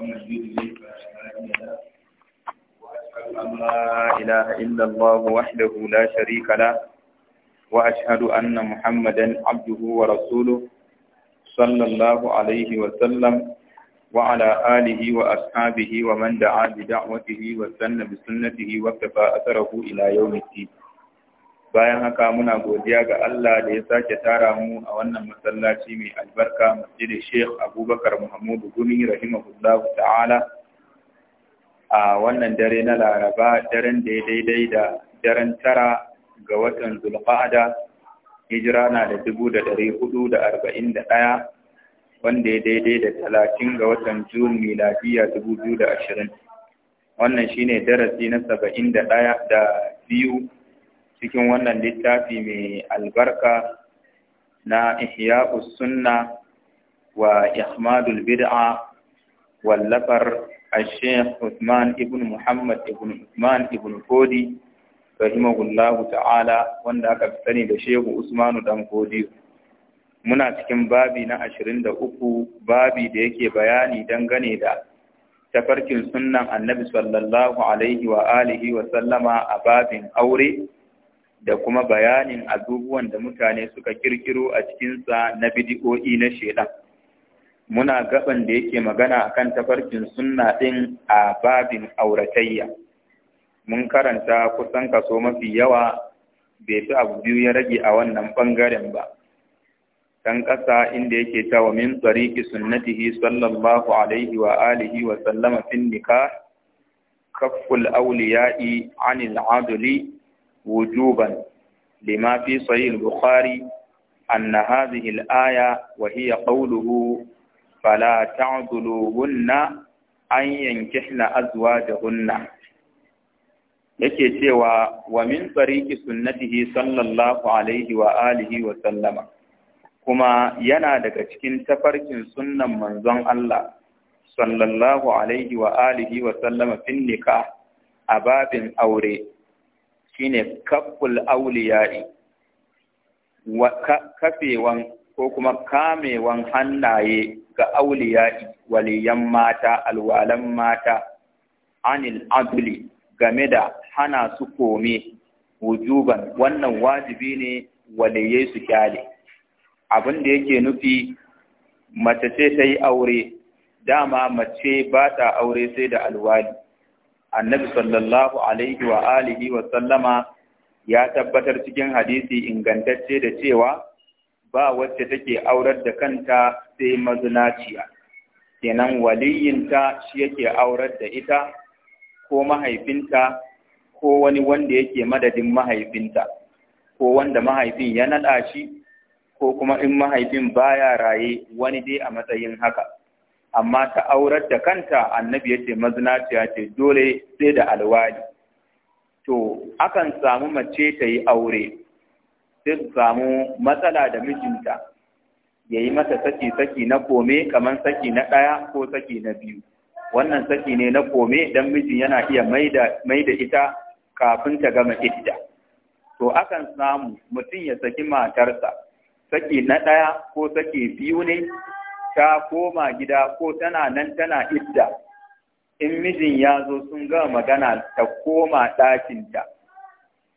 ومن يضلل فلا هادي له واشهد ان لا اله الا الله وحده لا شريك له واشهد ان محمدا عبده ورسوله صلى الله عليه وسلم وعلى آله وأصحابه ومن دعا بدعوته وسن بسنته واكتفى أثره إلى يوم الدين bayan haka muna godiya ga Allah da ya sake tara mu a wannan masallaci mai albarka masjid Sheikh Abubakar Muhammadu Gumi rahimahullahu ta'ala a wannan dare na Laraba daren da ya daidai da daren tara ga watan Zulqa'ada hijira na da 1441 wanda ya daidai da 30 ga watan Jun miladiya 2020 wannan shine darasi na 71 da biyu cikin wannan littafi mai albarka na ihya'us sunna wa ihmadul bid'a wallafar al-sheikh Uthman ibn Muhammad ibn Uthman ibn Kodi rahimahullahu ta'ala wanda aka fi sani da shehu Usmanu dan Kodi muna cikin babi na 23 babi da yake bayani dangane da tafarkin sunnan annabi sallallahu alaihi wa alihi wa sallama a babin aure da kuma bayanin abubuwan da mutane suka kirkiro a cikinsa na bidi'o'i na shedan muna gaban da yake magana a kan tafarkin sunna ɗin a babin auratayya mun karanta kusan kaso mafi yawa bai fi abu biyu ya rage a wannan ɓangaren ba kan ƙasa inda yake ta wa min tsariki sunnatihi sallallahu alaihi wa alihi wa sallama fin nikah kafful auliya'i anil adli wujuban lima fi sahih al-bukhari anna hadhihi al-aya wa hiya qawluhu fala ta'dhuluhunna an yankihna yake cewa wa min tariqi sunnatihi sallallahu alaihi wa alihi wa sallama kuma yana daga cikin tafarkin sunnan manzon Allah sallallahu alaihi wa alihi wa sallama fin nikah a babin aure shine kafful auliya'i kafewan ko kuma kamewan hannaye ga auliya'i waliyan mata alwalan mata anil adli game da hana su kome wujuban wannan wajibi ne waliyai su kyale abin da yake nufi mace ce ta yi aure dama mace ba ta aure sai da alwali annabi sallallahu alaihi wa alihi wa sallama ya tabbatar cikin hadisi ingantacce da cewa ba wacce take aurar da kanta sai mazinaciya kenan waliyinta shi yake aurar da ita ko mahaifinta ko wani wanda yake madadin mahaifinta ko wanda mahaifin ya naɗa shi ko kuma in mahaifin baya raye wani dai a matsayin haka amma ta aurar da kanta annabi yace mazinaciya ce dole sai da alwali to akan samu mace ta yi aure sai su samu matsala da mijinta ya yi mata saki-saki na kome kamar saki na ɗaya ko saki na biyu wannan saki ne na kome don mijin yana iya mai da ita kafin ta gama idda to akan samu mutum ya saki matarsa saki na ɗaya ko saki biyu ne ta koma gida ko tana nan tana idda in mijin ya zo sun gama magana ta koma ɗakinta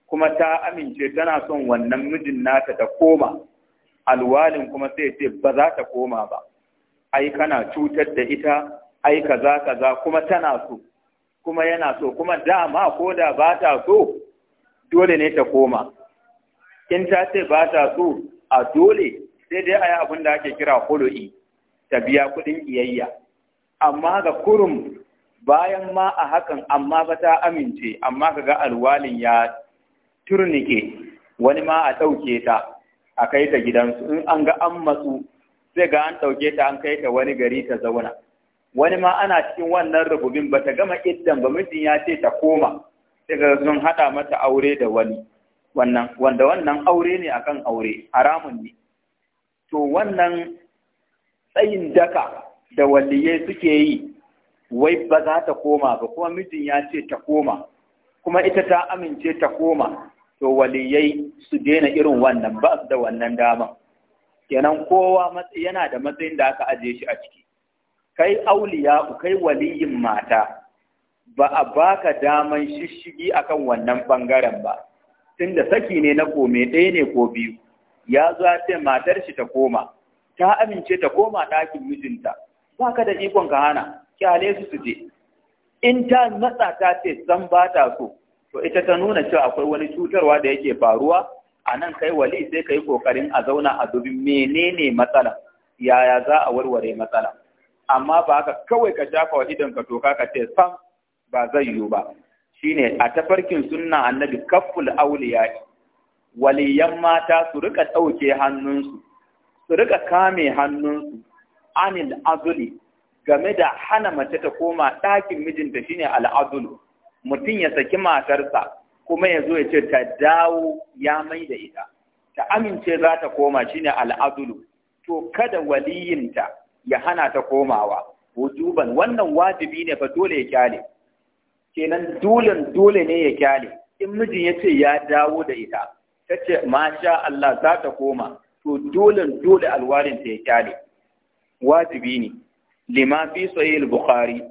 kuma ta amince tana son wannan mijin nata ta koma alwalin kuma sai ce ba za ta koma ba ai kana cutar da ita ai kaza kaza kuma tana so kuma yana so kuma dama ko da ba ta so dole ne ta koma in ta ce ba ta so a dole sai dai a yi abin da ake kira holo'i ta biya kuɗin iyayya amma ga kurum bayan ma a hakan amma ba ta amince amma ka ga alwalin ya turnike wani ma a ɗauke ta a kai ta gidansu in an ga an matsu sai ga an ɗauke ta an kai ta wani gari ta zauna wani ma ana cikin wannan rububin ba ta gama iddan ba mijin ya ce ta koma sai ga sun haɗa mata aure da wani wanda wannan aure ne akan aure haramun ne to wannan tsayin daka da waliyai suke yi wai ba za ta koma ba kuma mijin ya ce ta koma kuma ita ta amince ta koma to waliyai su daina irin wannan ba da wannan dama kenan kowa yana da matsayin da aka aje shi a ciki kai auliya kai waliyin mata ba a baka daman shishigi akan wannan bangaren ba tunda saki ne na kome ɗaya ne ko biyu ya zo ya ce matar shi ta koma ta amince ta koma ɗakin mijinta ba ka da ikon ka hana kyale su su je in ta matsa ta ce san ba ta so to ita ta nuna cewa akwai wani cutarwa da yake faruwa a nan kai wali sai ka yi kokarin a zauna a dubi menene matsala yaya za a warware matsala amma ba ka kawai ka shafa wa idon ka toka ka ce sam ba zai yiwu ba shine a tafarkin sunna annabi kafful auliya waliyan mata su rika ɗauke hannunsu su rika kame hannunsu anil azuli game da hana mace ta koma ɗakin mijinta shine al'azulu mutum ya saki matarsa kuma ya zo ya ce ta dawo ya mai da ita ta amince za ta koma shine al'azulu to kada waliyinta ya hana ta komawa wujuban wannan wajibi ne fa dole ya kyale kenan dole dole ne ya kyale in mijin ya ce ya dawo da ita ta ce masha Allah za ta koma to dole dole alwarin ta ya kyale wajibi ne lima fi sahih al-bukhari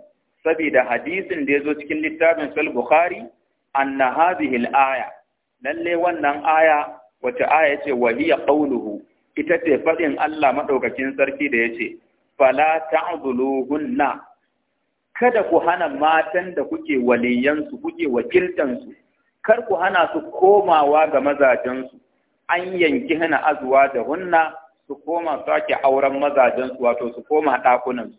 saboda hadisin da yazo cikin littafin sahih bukhari anna hadhihi al-aya lalle wannan aya wata aya ce wahiya qawluhu ita ce fadin Allah madaukakin sarki da yace fala ta'dhuluhunna kada ku hana matan da kuke waliyansu kuke wakiltansu kar ku hana su komawa ga mazajensu an yanki hana azuwa da hunna su koma sake auren mazajensu wato su koma ɗakunansu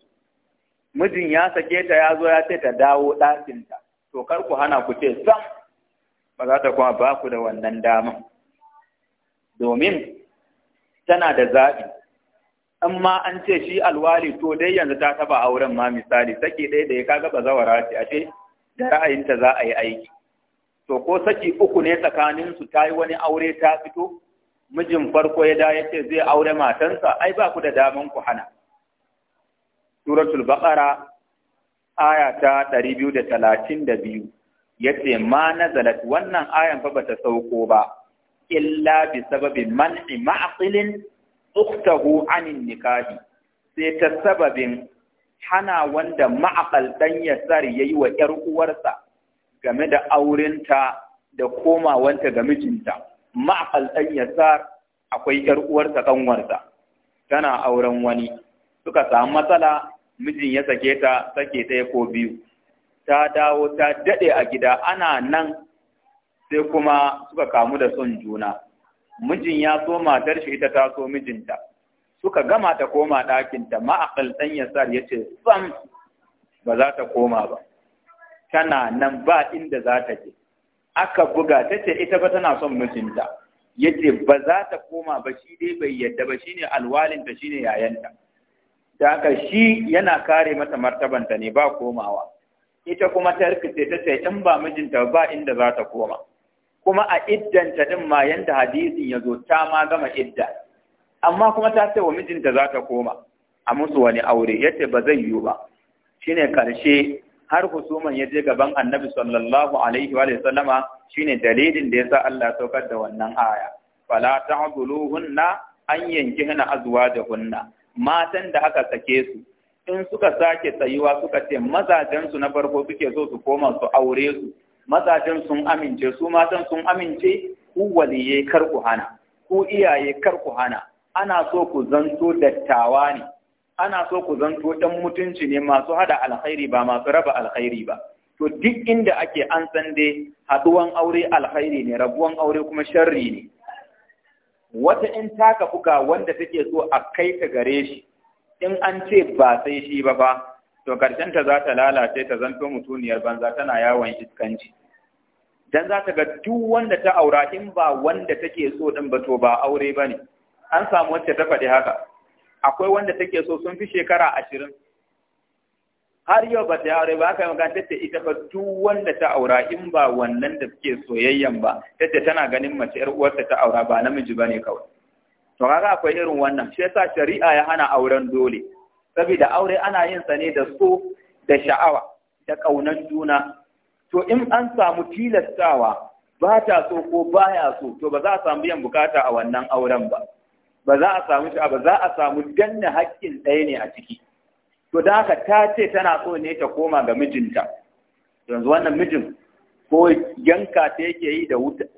mijin ya sake ta ya zo ya ce ta dawo ɗakinta to kar ku hana ku ce sam ba za ta kuma ba ku da wannan daman domin tana da zaɓi Amma ma an ce shi alwali to dai yanzu ta taɓa auren ma misali sake ɗaya da ya kaga ba ce ashe da ra'ayinta za a yi aiki to ko saki uku ne tsakanin su ta yi wani aure ta fito mijin farko ya da ya ce zai aure matansa ai ba ku da daman ku hana suratul baqara aya ta 232 yace ma nazalat wannan ayan fa bata sauko ba illa bi sababin man'i ma'qilin ukhtahu anin nikahi sai ta sababin hana wanda ma'qal dan ya yayi wa yar uwarsa game da aurenta da komawanta ga mijinta ma'al ɗan yasar akwai ‘yar uwarsa kanwarsa tana auren wani suka samu matsala mijin ya sake ta sake ta ko biyu ta dawo ta daɗe a gida ana nan sai kuma suka kamu da son juna mijin ya so matar shi ita ta so mijinta suka gama ta koma ɗakinta ma'aƙal ɗan yasar ya sam ba za ta koma ba tana nan ba inda za ta je aka buga ta ce ita ba tana son mijinta yace ba za ta koma ba shi dai bai yadda ba shine alwalinta shine yayanta da aka shi yana kare mata martabanta ne ba komawa ita kuma ta rikice ta ce in ba mijinta ba inda za ta koma kuma a iddanta din ma yanda hadisin ya zo ta ma gama idda amma kuma ta ce wa mijinta za ta koma a musu wani aure yace ba zai yiwu ba shine karshe har husuman ya je gaban annabi sallallahu alaihi wa sallama shine dalilin da yasa Allah ya saukar da wannan aya fala ta'dhuluhunna an da kunna. matan da aka sake su in suka sake tsayuwa suka ce mazajen su na farko suke so su koma su aure su mazajen sun amince su matan sun amince ku waliye kar ku hana ku iyaye kar ku hana ana so ku zanto dattawa ne ana so ku zanto ɗan mutunci ne masu haɗa alkhairi ba masu raba alkhairi ba to duk inda ake an san dai haɗuwan aure alkhairi ne rabuwan aure kuma sharri ne wata in taka fuka wanda take so a kai ta gare shi in an ce ba sai shi ba fa to ƙarshen ta za ta lalace ta zanto mutuniyar banza tana yawon iskanci dan za ta ga duk wanda ta aura in ba wanda take so din ba to ba aure ba ne. an samu wacce ta faɗi haka akwai wanda take so sun fi shekara ashirin har yau ba ta yi aure ba aka yi magana ta ita ba duk wanda ta aura in ba wannan da suke soyayyan ba ta tana ganin mace yar uwarta ta aura ba namiji ba ne kawai to kaga akwai irin wannan shi yasa shari'a ya hana auren dole saboda aure ana yin sa ne da so da sha'awa da ƙaunar juna to in an samu tilastawa ba ta so ko baya so to ba za a samu biyan bukata a wannan auren ba ba za a samu shi ba za a samu danna haƙƙin ɗaya ne a ciki to da haka ta ce tana so ne ta koma ga mijinta yanzu wannan mijin ko yanka ta yake yi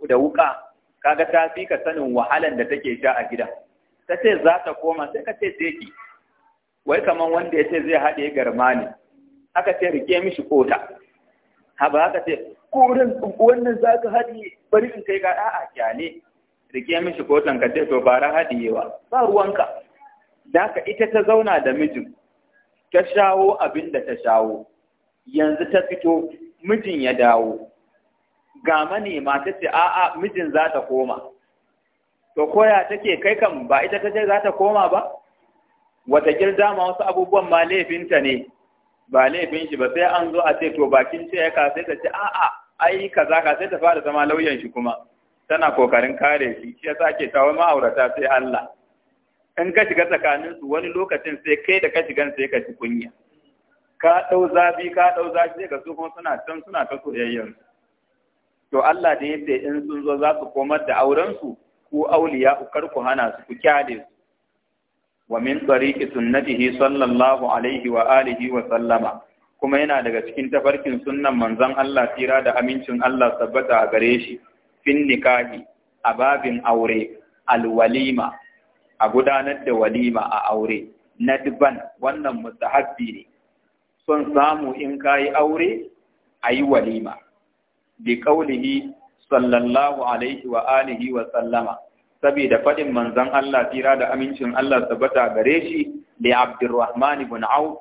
da wuka kaga ta fi ka sanin wahalan da take sha a gida ta ce za ta koma sai ka ce ki wai kaman wanda ya ce zai haɗe garma ne aka ce rike mishi kota ha ba aka ce ko wannan za ka haɗe bari in kai ga a'a kyale rike mishi kotan ka to bara hadiyewa ba ruwanka daka ita ta zauna da mijin ta shawo abin da ta shawo yanzu ta fito mijin ya dawo ga manema ta ce a'a mijin za ta koma to koya take kai kan ba ita ta ce za ta koma ba wata girda ma wasu abubuwan ma laifinta ne ba laifin shi ba sai an zo a ce to bakin ce ya ka ta ce a'a ai kaza ka ta fara zama lauyan shi kuma tana kokarin kare shi shi yasa ake tawo ma'aurata sai Allah in ka shiga tsakanin su wani lokacin sai kai da ka shigan sai ka ci kunya ka dau zabi ka dau zabi sai ka kuma suna can suna ta soyayyar to Allah da yace in sun zo za su komar da auren su ko auliya ku kar ku hana su ku kyale su wa min tariqi sunnatihi sallallahu alaihi wa alihi wa sallama kuma yana daga cikin tafarkin sunnan manzon Allah tira da amincin Allah tabbata a gare shi fin nikahi a babin aure alwalima a gudanar da walima a aure nadban wannan mustahabbi ne son samu in kayi aure a yi walima bi kaulihi sallallahu alaihi wa alihi wa sallama saboda faɗin manzon Allah tira da amincin Allah tabbata gare shi da Abdurrahman ibn Auf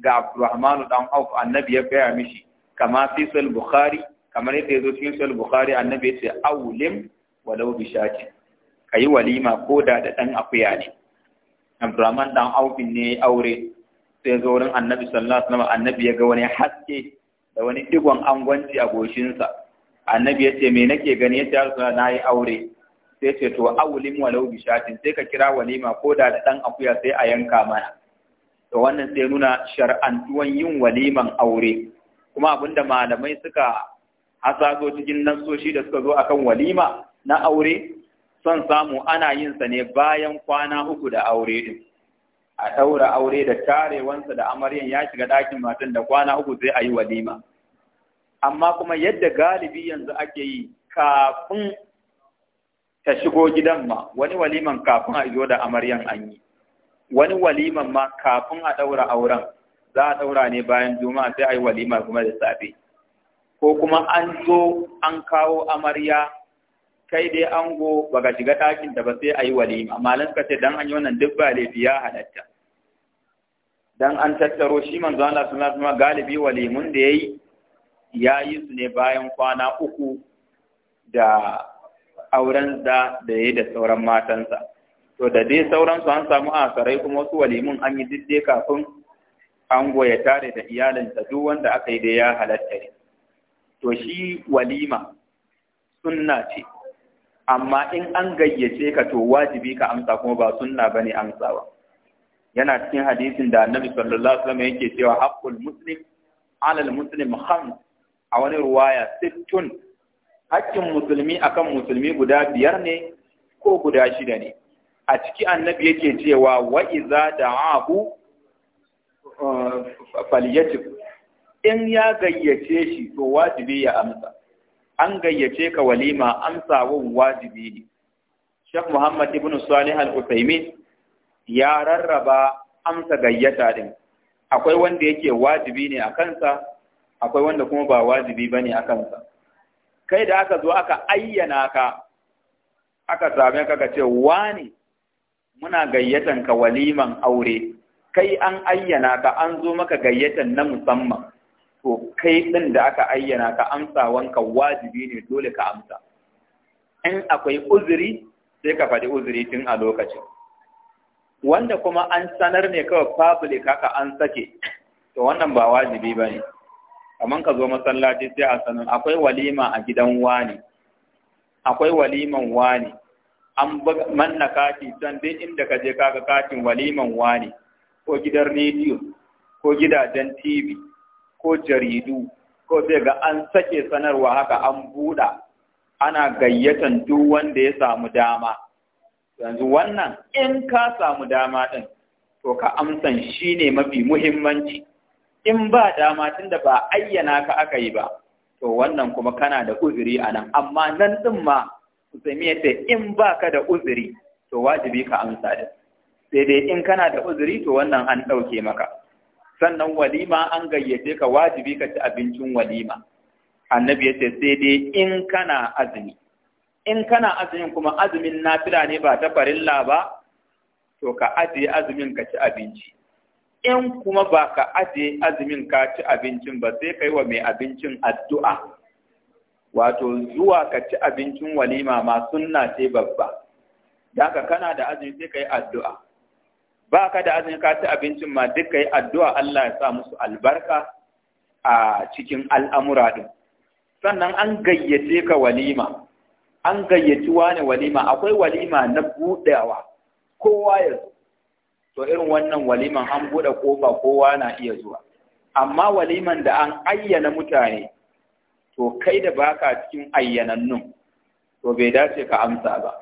ga Abdurrahman dan Auf annabi ya gaya mishi kama fi Bukhari kamar yadda ya zo cikin sahih bukhari annabi ya ce awlim walau bi shatin kayi walima ko da da dan akuya ne Abdurrahman dan aubin ne aure sai zo wurin Annabi sallallahu alaihi wasallam annabi ya ga wani haske da wani digon angwanci a goshinsa annabi ya ce me nake gani ya ce na nayi aure sai ce to awlim walau bi shatin sai ka kira walima ko da da dan akuya sai a yanka mana to wannan sai nuna tuwan yin waliman aure kuma abinda malamai suka a cikin nassoshi da suka zo a kan walima na aure son samu ana yin sa ne bayan kwana uku da aure din a ɗaura aure da tarewansa da amaryan ya shiga ɗakin matan da kwana uku sai a yi walima amma kuma yadda galibi yanzu ake yi kafin ta shigo gidan ma wani waliman kafin a zo da amaryan an yi wani waliman ma kafin a ɗaura auren za a ɗaura ne bayan juma'a sai a yi walima kuma da safe ko kuma an zo an kawo amarya kai dai ango baka shiga ɗakin da ba sai a yi walima malam suka ce dan an yi wannan duk ba laifi ya halatta dan an tattaro shi manzo Allah sallallahu kuma galibi walimun da yayi yi su ne bayan kwana uku da auren da da yayi da sauran matansa to da dai sauransu an samu asarai kuma wasu walimun an yi diddai kafin ango ya tare da iyalinsa duk wanda aka yi da ya halatta ne to shi walima sunna ce amma in an gayyace ka to wajibi ka amsa kuma ba sunna bane amsawa yana cikin hadisin da annabi sallallahu alaihi wasallam yake cewa haqqul muslim alal muslim khams a wani ruwaya sittun haƙƙin musulmi akan musulmi guda biyar ne ko guda shida ne a ciki annabi yake cewa wa iza da'ahu uh, falyajib in ya gayyace shi to wajibi ya amsa an gayyace ka walima amsawan wajibi ne Sheikh Muhammad ibn Salih al-Uthaymeen ya rarraba amsa gayyata din akwai wanda yake wajibi ne a kansa akwai wanda kuma ba wajibi bane a kansa kai da aka zo aka ayyana ka aka same ka ka ce wani muna gayyatan ka waliman aure kai an ayyana ka an zo maka gayyatan na musamman to kai ɗin da aka ayyana ka amsa wanka wajibi ne dole ka amsa in akwai uzuri sai ka faɗi uzuri tun a lokacin wanda kuma an sanar ne kawai public haka an sake to wannan ba wajibi ba ne kamar ka zo masallaci sai a sanar akwai walima a gidan wani akwai waliman wani an manna kati can duk inda ka je kaga katin waliman wani ko gidan rediyo ko gidajen tv ko jaridu ko sai ga an sake sanarwa haka an buɗa ana gayyatan duk wanda ya samu dama yanzu wannan in ka samu dama ɗin to ka amsan shi ne mafi muhimmanci in ba dama da ba ayyana ka aka yi ba to wannan kuma kana da uzuri a nan amma nan ɗin ma ku sami in ba ka da uzuri to wajibi ka amsa da sai dai in kana da uzuri to wannan an ɗauke maka sannan walima an gayyace ka wajibi ka ci abincin walima annabi ya ce sai dai in kana azumi in kana azumin kuma azumin nafila ne ba ta farilla ba to ka ajiye azumin ka ci abinci in kuma ba ka ajiye azumin ka ci abincin ba sai kai wa mai abincin addu'a wato zuwa ka ci abincin walima ma sunna ce babba da kana da azumi sai ka yi addu'a ba ka da azumi ka ci abincin ma duk kai addu'a Allah ya sa musu albarka a cikin al'amura din sannan an gayyace ka walima an gayyaci wani walima akwai walima na buɗewa kowa ya zo to irin wannan waliman an buɗe ƙofa kowa na iya zuwa amma waliman da an ayyana mutane to kai da baka cikin ayyanannun to bai dace ka amsa ba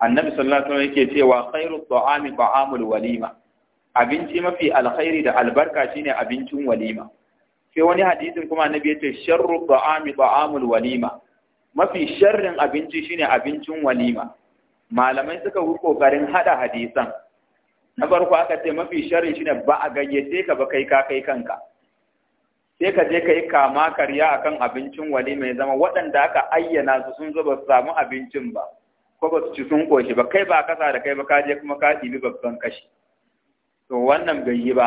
annabi sallallahu alaihi wasallam yake cewa khairu ta'ami ta'amul walima abinci mafi alkhairi da albarka shine abincin walima sai wani hadisin kuma annabi yace sharru ta'ami ta'amul walima mafi sharrin abinci shine abincin walima malamai suka yi kokarin hada hadisan na farko aka ce mafi sharri shine ba a gayyace ka ba kai ka kai kanka sai ka je ka yi kama karya akan abincin walima ya zama waɗanda aka ayyana su sun zo ba su samu abincin ba ko su ci sun koshi ba kai ba kasa da kai ba ka je kuma ka ɗibi babban kashi to wannan bai yi ba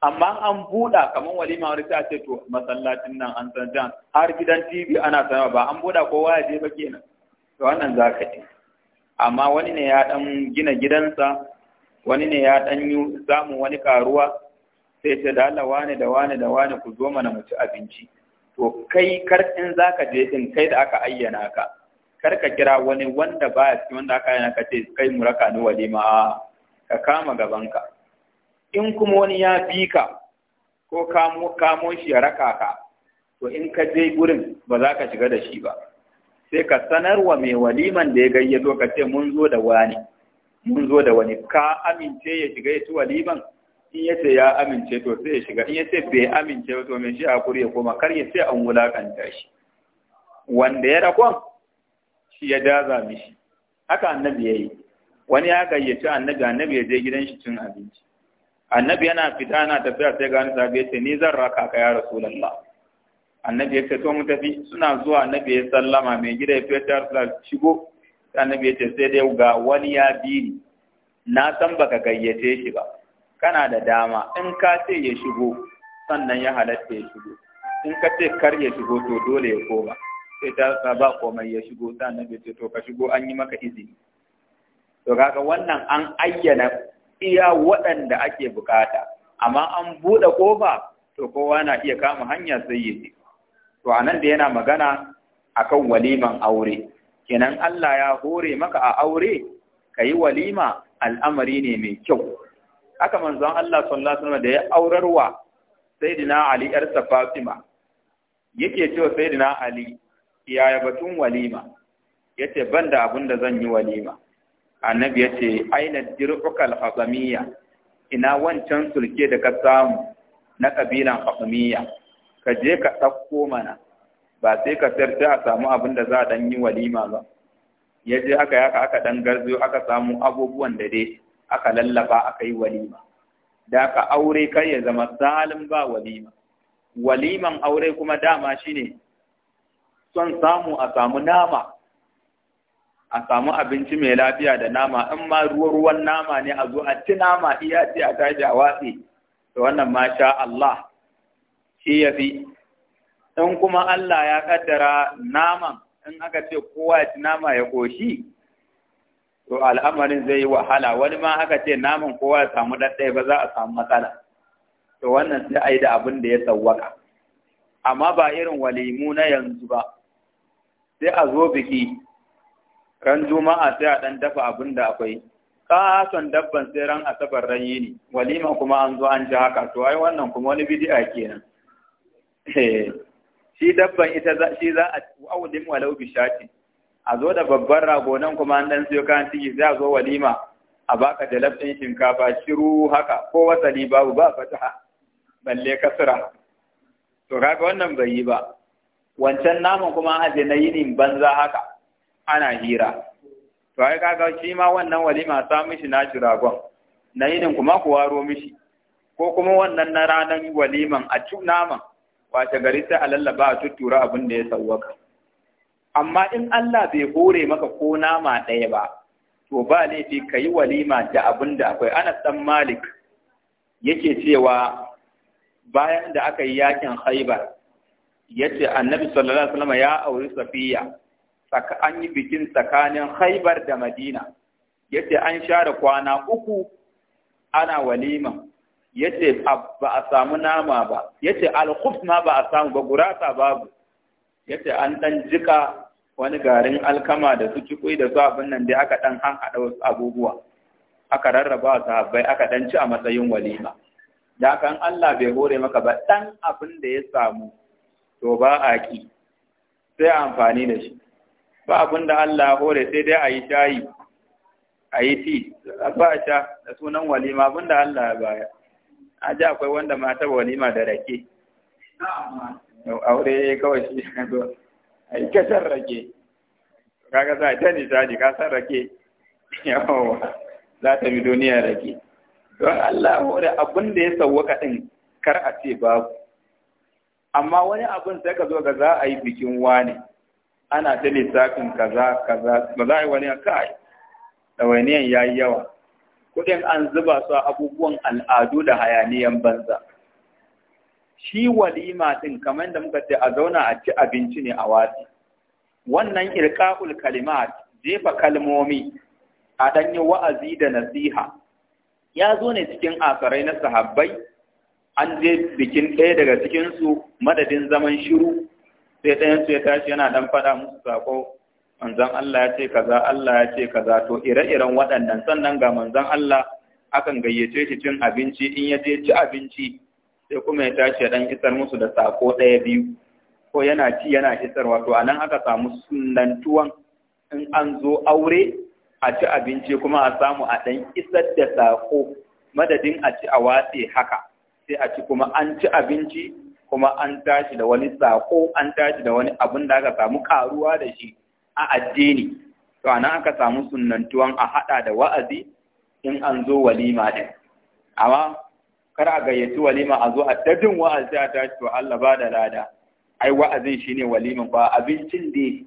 amma an buɗa kamar walima wani ce to masallacin nan an san jan har gidan tv ana sanarwa ba an buɗa kowa ya je ba kenan to wannan za ka yi amma wani ne ya ɗan gina gidansa wani ne ya ɗan yi samun wani karuwa sai ce da Allah wane da wane da wane ku zo mana mu ci abinci to kai kar in zaka je din kai da aka ayyana ka kar ka kira wani wanda baya cikin wanda aka yana ka ce kai mu raka ni walima ka kama gabanka in kuma wani ya bi ka ko kamo kamo shi ya raka ka to in ka je gurin ba za ka shiga da shi ba sai ka sanarwa mai waliman da ya gayyato ka ce mun zo da wani mun zo da wani ka amince ya shiga ya ci waliman in ya ce ya amince to sai ya shiga in ya ce bai amince to mai shi kuri ya koma kar ya ce an wulakanta shi wanda ya rakon ya daza mishi haka annabi yayi wani ya gayyaci annabi annabi ya je gidan shi cin abinci annabi yana fita yana tafiya sai ga annabi sahabi ya ni zan raka ka ya rasulullah annabi ya ce to mu tafi suna zuwa annabi ya sallama mai gida ya fitar da shigo annabi ya ce sai dai ga wani ya biri. na san baka gayyace shi ba kana da dama in ka ce ya shigo sannan ya halatta ya shigo in ka ce kar ya shigo to dole ya koma sai ta ba komai ya shigo sannan bai ce to ka shigo an yi maka izini to kaga wannan an ayyana iya waɗanda ake bukata amma an buɗe kofa to kowa na iya kama hanya sai ya ce to a nan da yana magana akan waliman aure kenan Allah ya hore maka a aure ka yi walima al'amari ne mai kyau haka manzon Allah sallallahu alaihi da ya aurarwa sayyidina Ali yar Safatima yake cewa sayyidina Ali yaya batun walima yace banda abin da zan yi walima annabi yace aina dirqukal hasamiyya ina wancan sulke da ka samu na kabilan hasamiyya ka je ka ɗauko mana ba sai ka tarda a samu abin da za a dan yi walima ba ya je aka yaka aka dan garzo aka samu abubuwan da dai aka lallaba aka yi walima da ka aure kai ya zama salim ba walima waliman aure kuma dama shine son samu a samu nama a samu abinci mai lafiya da nama in ma ruwan nama ne a zo a ci nama iya ce a tashi a watsi to wannan ma sha Allah shi ya fi in kuma Allah ya kaddara naman in aka ce kowa ya ci nama ya koshi to al'amarin zai yi wahala wani ma aka ce naman kowa ya samu ɗaɗɗaya ba za a samu matsala to wannan sai a yi da abin da ya sawwaka amma ba irin walimu na yanzu ba sai a zo biki ran juma'a sai a dan dafa abin da akwai kasan dabban sai ran asabar ran yini walima kuma an zo an ji haka to ai wannan kuma wani bid'a kenan eh, shi dabban ita za shi za a aulim walau bi shati a zo da babbar rago nan kuma an dan siyo kayan sai a zo walima a baka da lafin shinkafa shiru haka ko wasali babu ba fataha balle kasra to kaga wannan bai yi ba wancan naman kuma an aje na yinin banza haka ana hira to ai kaga shi ma wannan walima sa mishi na ragon na yinin kuma ku waro mishi ko kuma wannan na ranar waliman a cu naman wace gari sai a lallaba a tuttura abin da ya sauwaka amma in Allah bai hore maka ko nama ɗaya ba to ba laifi ka yi walima da abin da akwai ana san malik yake cewa bayan da aka yi yakin haibar yace annabi sallallahu alaihi wasallam ya auri safiya saka an yi bikin tsakanin haibar da madina yace an share kwana uku ana walima yace ba a samu nama ba yace alkhuf ma ba a samu ba gurasa babu yace an dan jika wani garin alkama da su cikui da su abin nan dai aka dan han hada wasu abubuwa aka rarraba sahabbai aka dan ci a matsayin walima da kan Allah bai hore maka ba dan abin da ya samu to ba a ki, sai amfani da shi ba abin da Allah hore sai dai a yi shayi a yi ti ba a sha da sunan walima abin da Allah ya baya a ji akwai wanda ma taɓa walima da rake aure ya kawai shi a yi kasar rake kaga sa ta nishaɗi kasar rake yawa za ta bi duniya rake don Allah hore abin da ya sauka din kar a ce babu amma wani abin sai ka zo ga za a yi bikin wani ana ta lissafin kaza kaza ba za a yi wani kai ɗawainiyan ya yi yawa kuɗin an zuba su a abubuwan al'adu da hayaniyan banza shi walima ɗin kamar da muka ce a zauna a ci abinci ne a watsi wannan irka'ul kalimat jefa kalmomi a ɗanyi wa'azi da nasiha ya zo ne cikin asarai na sahabbai an je bikin ɗaya daga cikinsu madadin zaman shiru sai ɗayansu ya tashi yana ɗan faɗa musu saƙo manzan Allah ya ce kaza Allah ya ce kaza to ire-iren waɗannan sannan ga manzan Allah akan gayyace shi cin abinci in ya je ci abinci sai kuma ya tashi ya ɗan isar musu da saƙo ɗaya biyu ko yana ci yana isar wato a nan aka samu sunantuwan in an zo aure a ci abinci kuma a samu a ɗan isar da saƙo madadin a ci a watse haka sai a ci kuma an ci abinci kuma an tashi da wani sako an tashi da wani abin da aka samu karuwa da shi a addini to anan aka samu sunnantuwan a hada da wa'azi in an zo walima din amma kar a gayyaci walima a zo a dadin wa'azi a tashi to Allah ba da lada ai wa'azin shine waliman ba abincin dai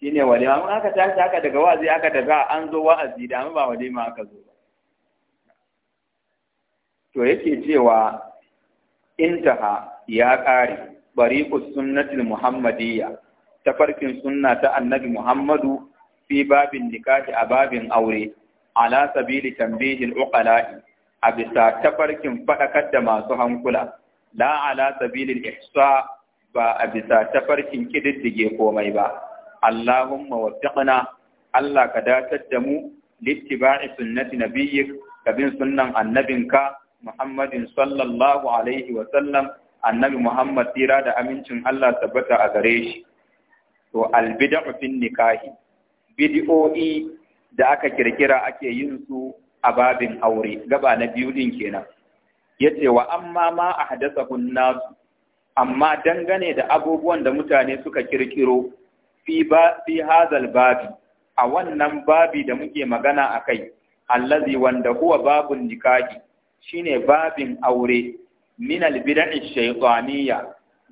shine walima amma aka tashi haka daga wa'azi aka daga an zo wa'azi da ba walima aka zo to yake cewa intaha ya ƙare ku sunnatin muhammadiyya tafarkin sunna ta annabi muhammadu fi babin nikahi a babin aure ala sabili tambihin uqala'i a bisa tafarkin faɗakar da masu hankula la ala sabilil ihsa ba a bisa tafarkin kididdige komai ba allahumma waffiqna Allah ka datar da mu littiba'i sunnati nabiyyik ka bin sunnan annabinka Muhammadin sallallahu alaihi wa sallam annabi Muhammad tsira da amincin Allah tabbata a gare shi to albid'u fin nikahi Bidi'o'i da aka kirkira ake yin su a babin aure gaba na biyu din kenan yace wa amma ma ahdathahu an amma dangane da abubuwan da mutane suka kirkiro fi ba fi hadal babi a wannan babi da muke magana akai allazi wanda huwa babun nikahi shine babin aure min albid'i shaytaniya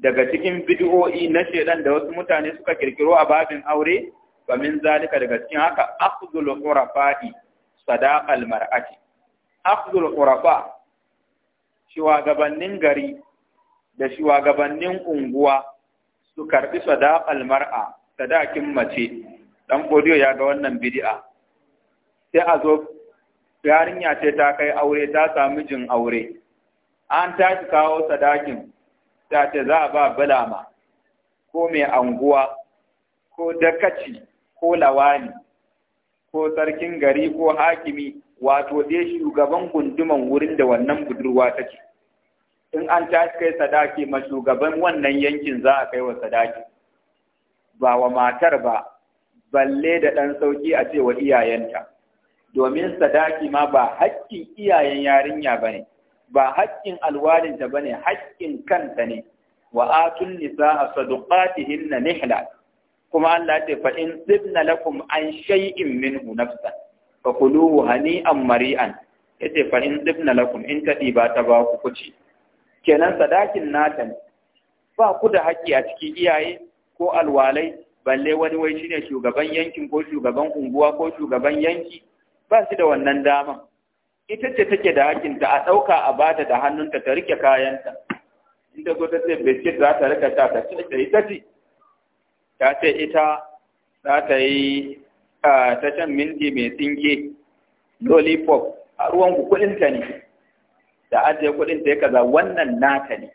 daga cikin bid'o'i na shedan da wasu mutane suka kirkiro a babin aure fa min zalika daga cikin haka akhdhul khurafa'i sadaqal mar'ati akhdhul khurafa shuwagabannin gari da shugabannin unguwa su karbi sadaqal mar'a sadakin mace dan godiyo ya ga wannan bid'a sai a zo yarinya ce ta kai aure ta sami jin aure an tashi kawo sadakin ta ce za a ba bulama ko mai anguwa ko dakaci ko lawani ko sarkin gari ko hakimi wato dai shugaban gunduman wurin da wannan budurwa take in an tashi kai sadaki ma shugaban wannan yankin za a kai wa sadaki ba wa matar ba balle da ɗan sauki a ce wa iyayenta domin sadaki ma ba haƙƙin iyayen yarinya ba ne, ba haƙƙin alwalinta ba ne, haƙƙin kanta ne, wa atun nisa a saduƙati na nihla, kuma Allah ce in tsibna lakum an shay'in min hunafsa, fa kuluhu hani an mari'an, ya ce in tsibna lakum in ta ɗiba ta ba ku kuci. Kenan sadakin nata ne, ba ku da haƙƙi a cikin iyaye ko alwalai, balle wani wai shi ne shugaban yankin ko shugaban unguwa ko shugaban yanki ba shi da wannan daman ita ce take da hakinta a ɗauka a bata da hannunta ta rike kayanta inda ko ta ce biskit za ta rika ta ta ce ita ce ta ce ita za ta yi ta can minti mai tsinke lollipop a ruwan ku kuɗinta ne da ajiye ta ya kaza wannan nata ne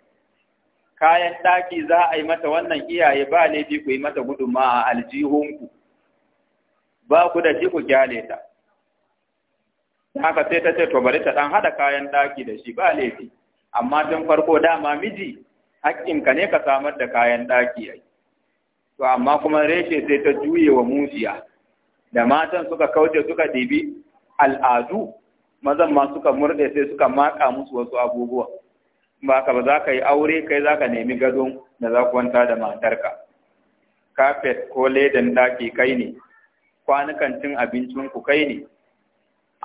kayan ɗaki za a yi mata wannan iyaye ba laifi ku yi mata gudunmawa a aljihunku ba ku da shi ku gyale ta haka sai ta ce to bari ta dan hada kayan daki da shi ba laifi amma tun farko dama miji Hakkin ka ne ka samar da kayan daki ai to amma kuma reshe sai ta juye wa musiya da matan suka kauce suka dibi al'adu mazan ma suka murde sai suka maka musu wasu abubuwa ba ka ba za ka yi aure kai za ka nemi gadon da za ku wanta da matarka kafet ko ledan daki kai ne kwanukan cin ku kai ne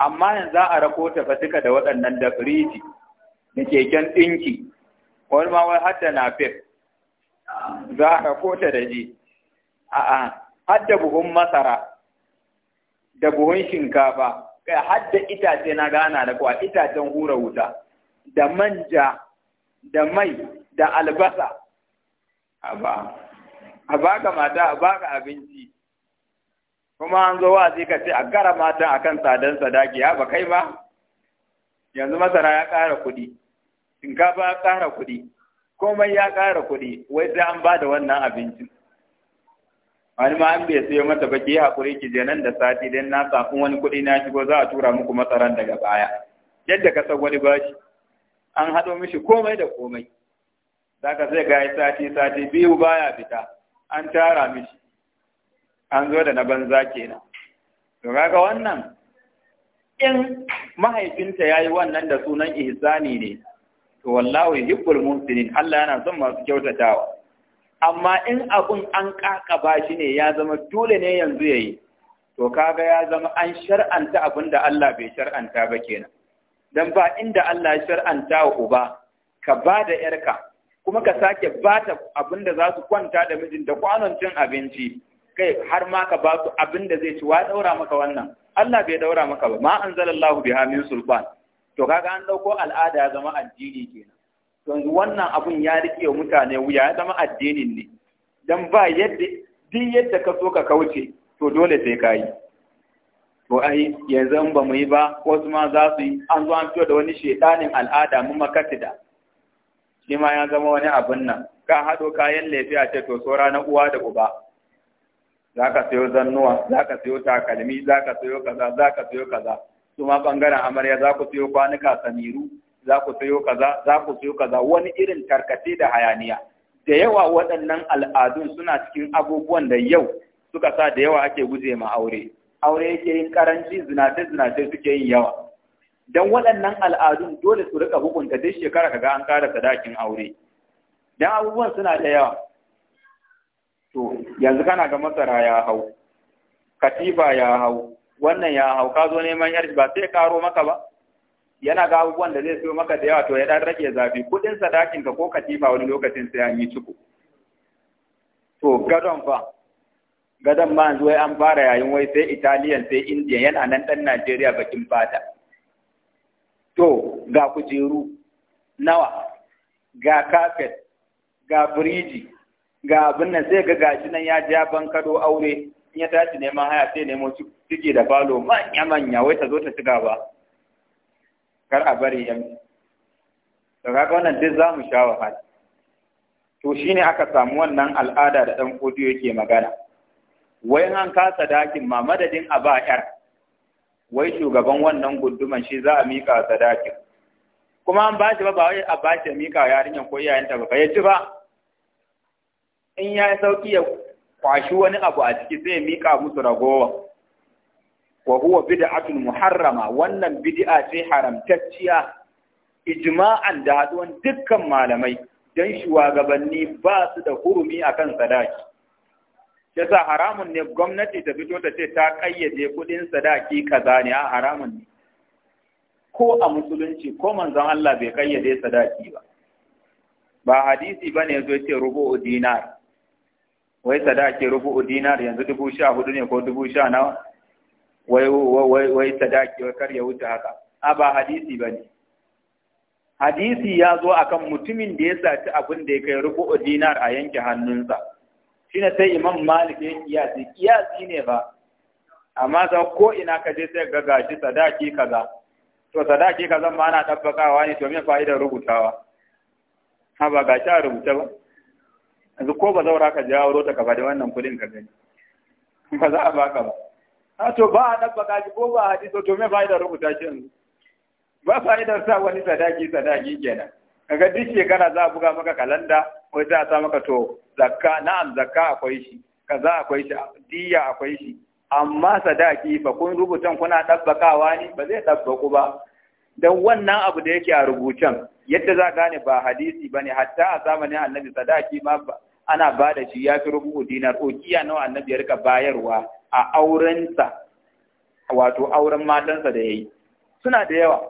amma yanzu za a rako ta fa duka da waɗannan da firiji da keken ɗinki wani ma wai hadda na fif za a rako ta da ji a'a hadda buhun masara da buhun shinkafa kai hadda itace na gana da kuwa itacen hura wuta da manja da mai da albasa a ba a mata a ba ka abinci kuma an zo wa ka ce a gara matan a kan tsadan sadaki ya ba kai ba yanzu masara ya ƙara kuɗi shinkafa ya ƙara kuɗi komai ya ƙara kuɗi wai sai an ba da wannan abincin wani ma an bai sayo mata baki ya haƙuri ki je nan da sati don na samu wani kuɗi na shigo za a tura muku masaran daga baya yadda ka san wani bashi an haɗo mishi komai da komai za ka zai gaya sati sati biyu baya fita an tara mishi an zo da na banza kenan to kaga wannan in mahaifinta ya yi wannan da sunan ihsani ne to wallahu yuhibbul muhsinin Allah yana son masu kyautatawa amma in abun an kakaba shi ne ya zama dole ne yanzu yayi to kaga ya zama an shar'anta abin da Allah bai shar'anta ba kenan dan ba inda Allah ya shar'anta wa uba ka ba da yarka kuma ka sake ba ta abin da za su kwanta da mijinta kwanon cin abinci kai har ma ka ba su abin da zai ci wa daura maka wannan Allah bai daura maka ba ma anzalallahu biha min sulfan to kaga an dauko al'ada ya zama addini kenan to yanzu wannan abun ya rike mutane wuya ya zama addinin ne dan ba yadda duk yadda ka so ka kauce to dole sai ka yi to ai yanzu ba mu yi ba wasu ma za su yi an zo an fito da wani shedanin al'ada mu makasida shi ma ya zama wani abin nan ka haɗo kayan laifi a ce to sora na uwa da uba za ka sayo zannuwa za ka sayo takalmi za ka sayo kaza za ka sayo kaza su ma ɓangaren amarya za ku sayo kwanuka samiru za ku sayo kaza za ku sayo kaza wani irin tarkace da hayaniya da yawa waɗannan al'adun suna cikin abubuwan da yau suka sa da yawa ake guje ma aure aure yake yin karanci zinace zinace suke yin yawa dan waɗannan al'adun dole su rika hukunta duk shekara kaga an ƙara sadakin aure dan abubuwan suna da yawa to yanzu kana ga masara ya hau katifa ya hau wannan ya hau ka zo neman yarji ba sai karo maka ba yana ga abubuwan da zai siyo maka da yawa to ya dan rage zafi kudin sadakin ka ko katifa wani lokacin sai an yi ciko to gadon fa gadon ma yanzu an fara yayin wai sai italiyan sai indiya yana nan dan najeriya bakin fata to ga kujeru nawa ga kafet ga firiji ga abin nan sai ga gashi nan ya ji ban kado aure in ya tashi neman haya sai nemo ciki da falo manya manya wai ta zo ta shiga ba kar a bari yan to ga wannan duk za mu sha wahala to shine aka samu wannan al'ada da dan kodiyo yake magana wai an kasa dakin ma madadin a ba yar wai shugaban wannan gudduman shi za a mika sadakin kuma an ba shi ba ba wai a ba shi mika yarinyar ko iyayenta ba ya ci ba in ya yi sauki ya kwashi wani abu a ciki zai miƙa musu ragowa wa huwa bid'atun muharrama wannan bid'a ce haramtacciya Ijima'an da haduwan dukkan malamai don shugabanni ba su da hurumi kan sadaki yasa haramun ne gwamnati ta fito ta ce ta kayyade kuɗin sadaki kaza ne a haramun ne ko a musulunci ko manzon Allah bai kayyade sadaki ba ba hadisi bane yazo ce rubu'u dinar wai sadaki rubu'u dinar yanzu dubu sha hudu ne ko dubu sha nawa wai wai sada sadaki wai kar ya wuce haka a ba hadisi ba ne. hadisi ya zo akan mutumin da ya saci abin da ya kai rubu dinar a yanke hannunsa Shi ne sai imam malik ya kiyasi kiyasi ne ba amma za ko ina ka je sai ga gashi sadaki kaza to sadaki kaza ma ana tabbakawa ne to me fa'idar rubutawa ha ba gashi a rubuta ba yanzu ko ba zaura ka jawo rota ka bada wannan kudin ka gani ba za a baka ba a to ba a dabba kaji ko ba a hadisa to me fa'idar rubuta shi yanzu ba fa'idar sa wani sadaki sadaki kenan kaga duk shekara za a buga maka kalanda ko za a sa maka to zakka na'am zakka akwai shi kaza akwai shi diya akwai shi amma sadaki ba kun rubutan kuna dabbakawa ne ba zai dabbaku ba don wannan abu da yake a rubutan yadda za gane ba hadisi ba ne hatta a zamanin annabi sadaki ma ana ba da shi ya fi rubu dinar ukiya nawa annabi ya rika bayarwa a aurensa wato auren matansa da ya yi suna da yawa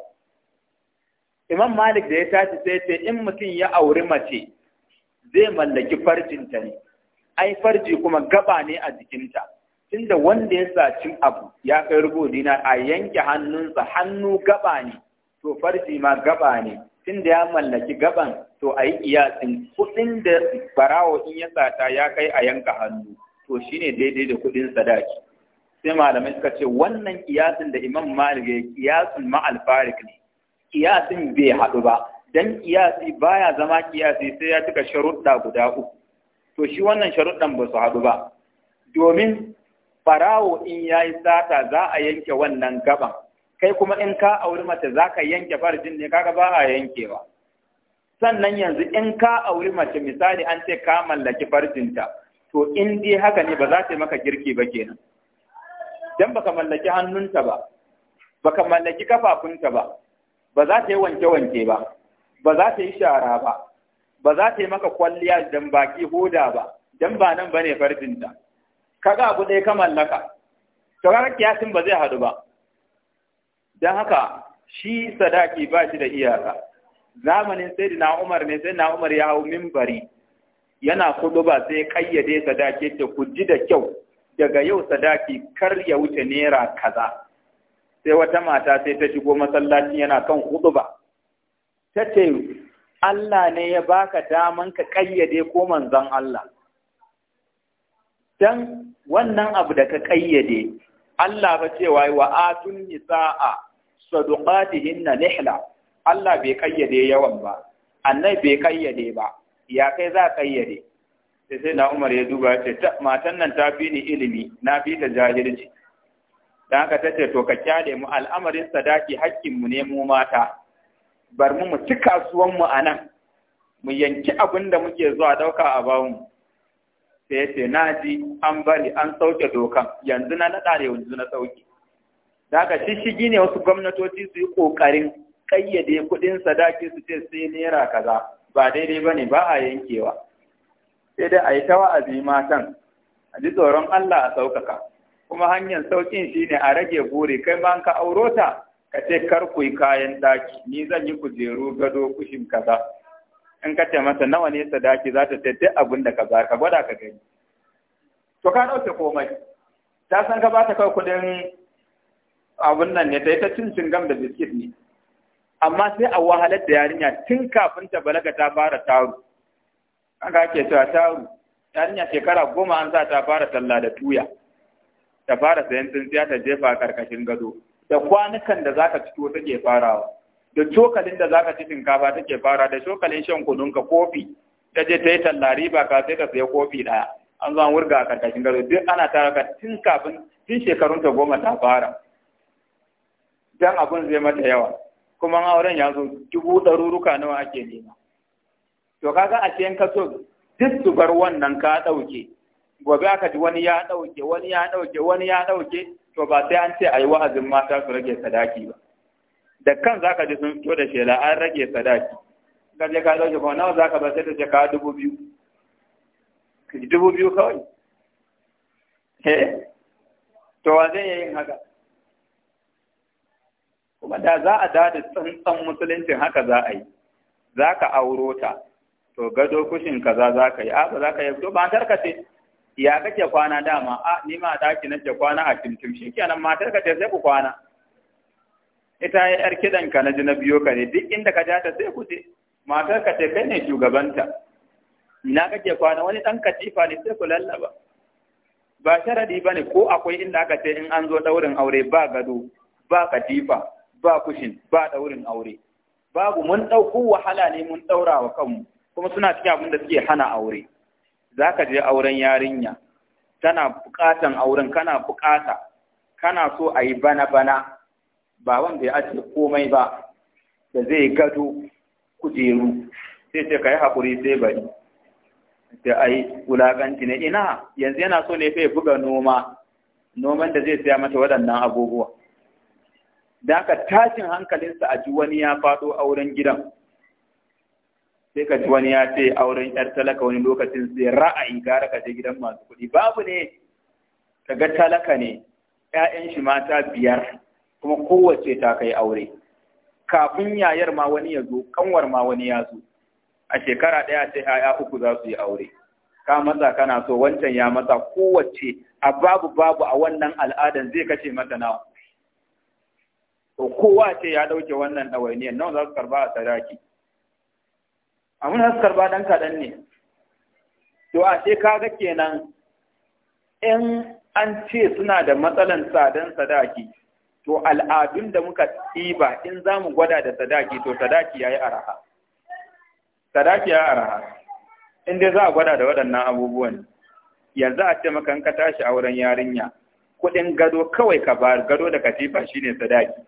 imam malik da ya tashi sai ce in mutum ya auri mace zai mallaki farjinta ne ai farji kuma gaba ne a jikinta tunda wanda ya saci abu ya kai rubu dinar a yanke hannunsa hannu gaba ne to farji ma gaba ne tun da ya mallaki gaban to a yi iyasin kuɗin da barawo in ya sata ya kai a yanka hannu to shine daidai da kuɗin sadaki sai malamai suka ce wannan iyasin da imam malik ya iyasin ma'al ne iyasin bai haɗu ba dan iyasi baya zama kiyasi sai ya cika sharuɗa guda uku to shi wannan sharuɗan ba su haɗu ba domin farawo in ya yi sata za a yanke wannan gaban kai kuma in ka auri mace za ka yanke farjin ne kaga ba a yankewa sannan yanzu in ka auri mace misali an ce ka mallaki farjinta to in dai haka ne ba za ta yi maka girki ba kenan dan baka mallaki hannunta ba baka mallaki kafafunta ba ba za ta yi wanke-wanke ba ba za ta yi shara ba ba za ta yi maka kwalliya dan baki hoda ba dan ba nan bane farjinta kaga abu ɗaya ka mallaka to kiyasin ba zai haɗu ba don haka shi sadaki ba shi da iyaka zamanin sai na umar ne sai na umar ya hau mimbari yana kudu ba sai kayyade sadaki da ku da kyau daga yau sadaki kar ya wuce naira kaza sai wata mata sai ta shigo masallaci yana kan kudu ba ta Allah ne ya baka daman ka kayyade ko manzon Allah dan wannan abu da ka kayyade Allah ba cewa wa atun nisaa na nihla Allah bai kayyade yawan ba annai bai kayyade ba ya kai za kayyade sai sai na Umar ya duba ce matan nan ta fi ni ilimi na fi ta jahilci dan haka tace to ka kyale mu al'amarin sadaki hakkin mu ne mu mata bar mu mu ci kasuwan mu anan mu yanki abin da muke zuwa dauka a bawun sai sai na ji an bari an sauke dokan yanzu na naɗa yanzu na sauke da shishigi ne wasu gwamnatoci su yi ƙoƙarin ƙayyade kuɗin sadaki su ce sai naira kaza ba daidai ba ne ba a yankewa sai dai a yi ta wa'azi matan a ji tsoron Allah a sauƙaƙa kuma hanyar sauƙin shine a rage buri kai ma ka auro ta ka ce kar ku yi kayan ɗaki ni zan yi kujeru gado kushin kaza in ka ce masa nawa ne sadaki za ta ce duk abin da za ka gwada ka gani to ka ɗauke komai ta san ka ba ta kai kuɗin abun nan ne ta yi ta cin cingam da biskit ne amma sai a wahalar da yarinya tun kafin ta balaga ta fara taro haka ake cewa taro yarinya shekara goma an sa ta fara talla da tuya ta fara sayan tsintsiya ta jefa a karkashin gado da kwanukan da zaka ci ta take farawa da cokalin da zaka ci shinkafa take fara da cokalin shan kununka kofi ta je ta yi talla riba ka sai ka saya kofi ɗaya an zo an wurga a karkashin gado duk ana tara ka tun kafin tun ta goma ta fara dan abun zai mata yawa kuma auren ya zo dubu ɗaruruka nawa ake nema to kaga a cikin kaso duk su bar wannan ka ɗauke gobe aka ji wani ya ɗauke wani ya ɗauke wani ya ɗauke to ba sai an ce a yi wa'azin mata su rage sadaki ba da kan za ka ji sun fito da shela an rage sadaki ka je ka ɗauke kuma nawa za ka ba sai ta ce ka dubu biyu dubu biyu kawai eh? to wa zai yi haka kuma da za a dada tsantsan musuluncin haka za a yi za ka auro ta to gado kushin kaza za ka yi a ba za ka yi to ba tarka ce ya kake kwana dama a ni ma daki nake kwana a timtim shikenan ma tarka ce sai ku kwana ita ya yar kidan ka na ji na biyo ka ne duk inda ka jata sai ku je matar ka ce kai ne shugabanta ina kake kwana wani dan katifa ne sai ku lallaba ba sharadi bane ko akwai inda aka ce in an zo daurin aure ba gado ba katifa ba kushin ba ɗaurin aure babu mun ɗauko wahala ne mun ɗaura wa kanmu kuma suna cikin abin da suke hana aure za ka je auren yarinya tana buƙatan auren kana buƙata kana so a yi bana-bana ba wanda ya ajiye komai ba da zai gado kujeru sai ce ka yi haƙuri sai bari da ai wulaƙanci ne ina yanzu yana so ne fai buga noma noman da zai siya mata waɗannan abubuwa da aka tashin hankalinsa a ji wani ya faɗo auren gidan sai ka ji wani ya ce auren yar talaka wani lokacin sai ra'ayi gara ka je gidan masu kuɗi babu ne ka ga talaka ne 'ya'yan shi mata biyar kuma kowace ta kai aure kafin yayar ma wani ya zo kanwar ma wani ya zo a shekara ɗaya sai ya'ya uku za su yi aure ka matsa kana so wancan ya matsa kowace a babu babu a wannan al'adan zai kashe mata nawa to kowa ce ya dauke wannan dawainiyar nawa za su karba a sadaki abin za su karba ɗan kaɗan ne to a ce kaga kenan in an ce suna da matsalan tsadan sadaki to al'adun da muka ɗiba in za mu gwada da sadaki to sadaki ya yi araha sadaki ya yi araha in dai za a gwada da waɗannan abubuwan yanzu a ce maka ka tashi a wurin yarinya kuɗin gado kawai ka bar gado da katifa shine sadaki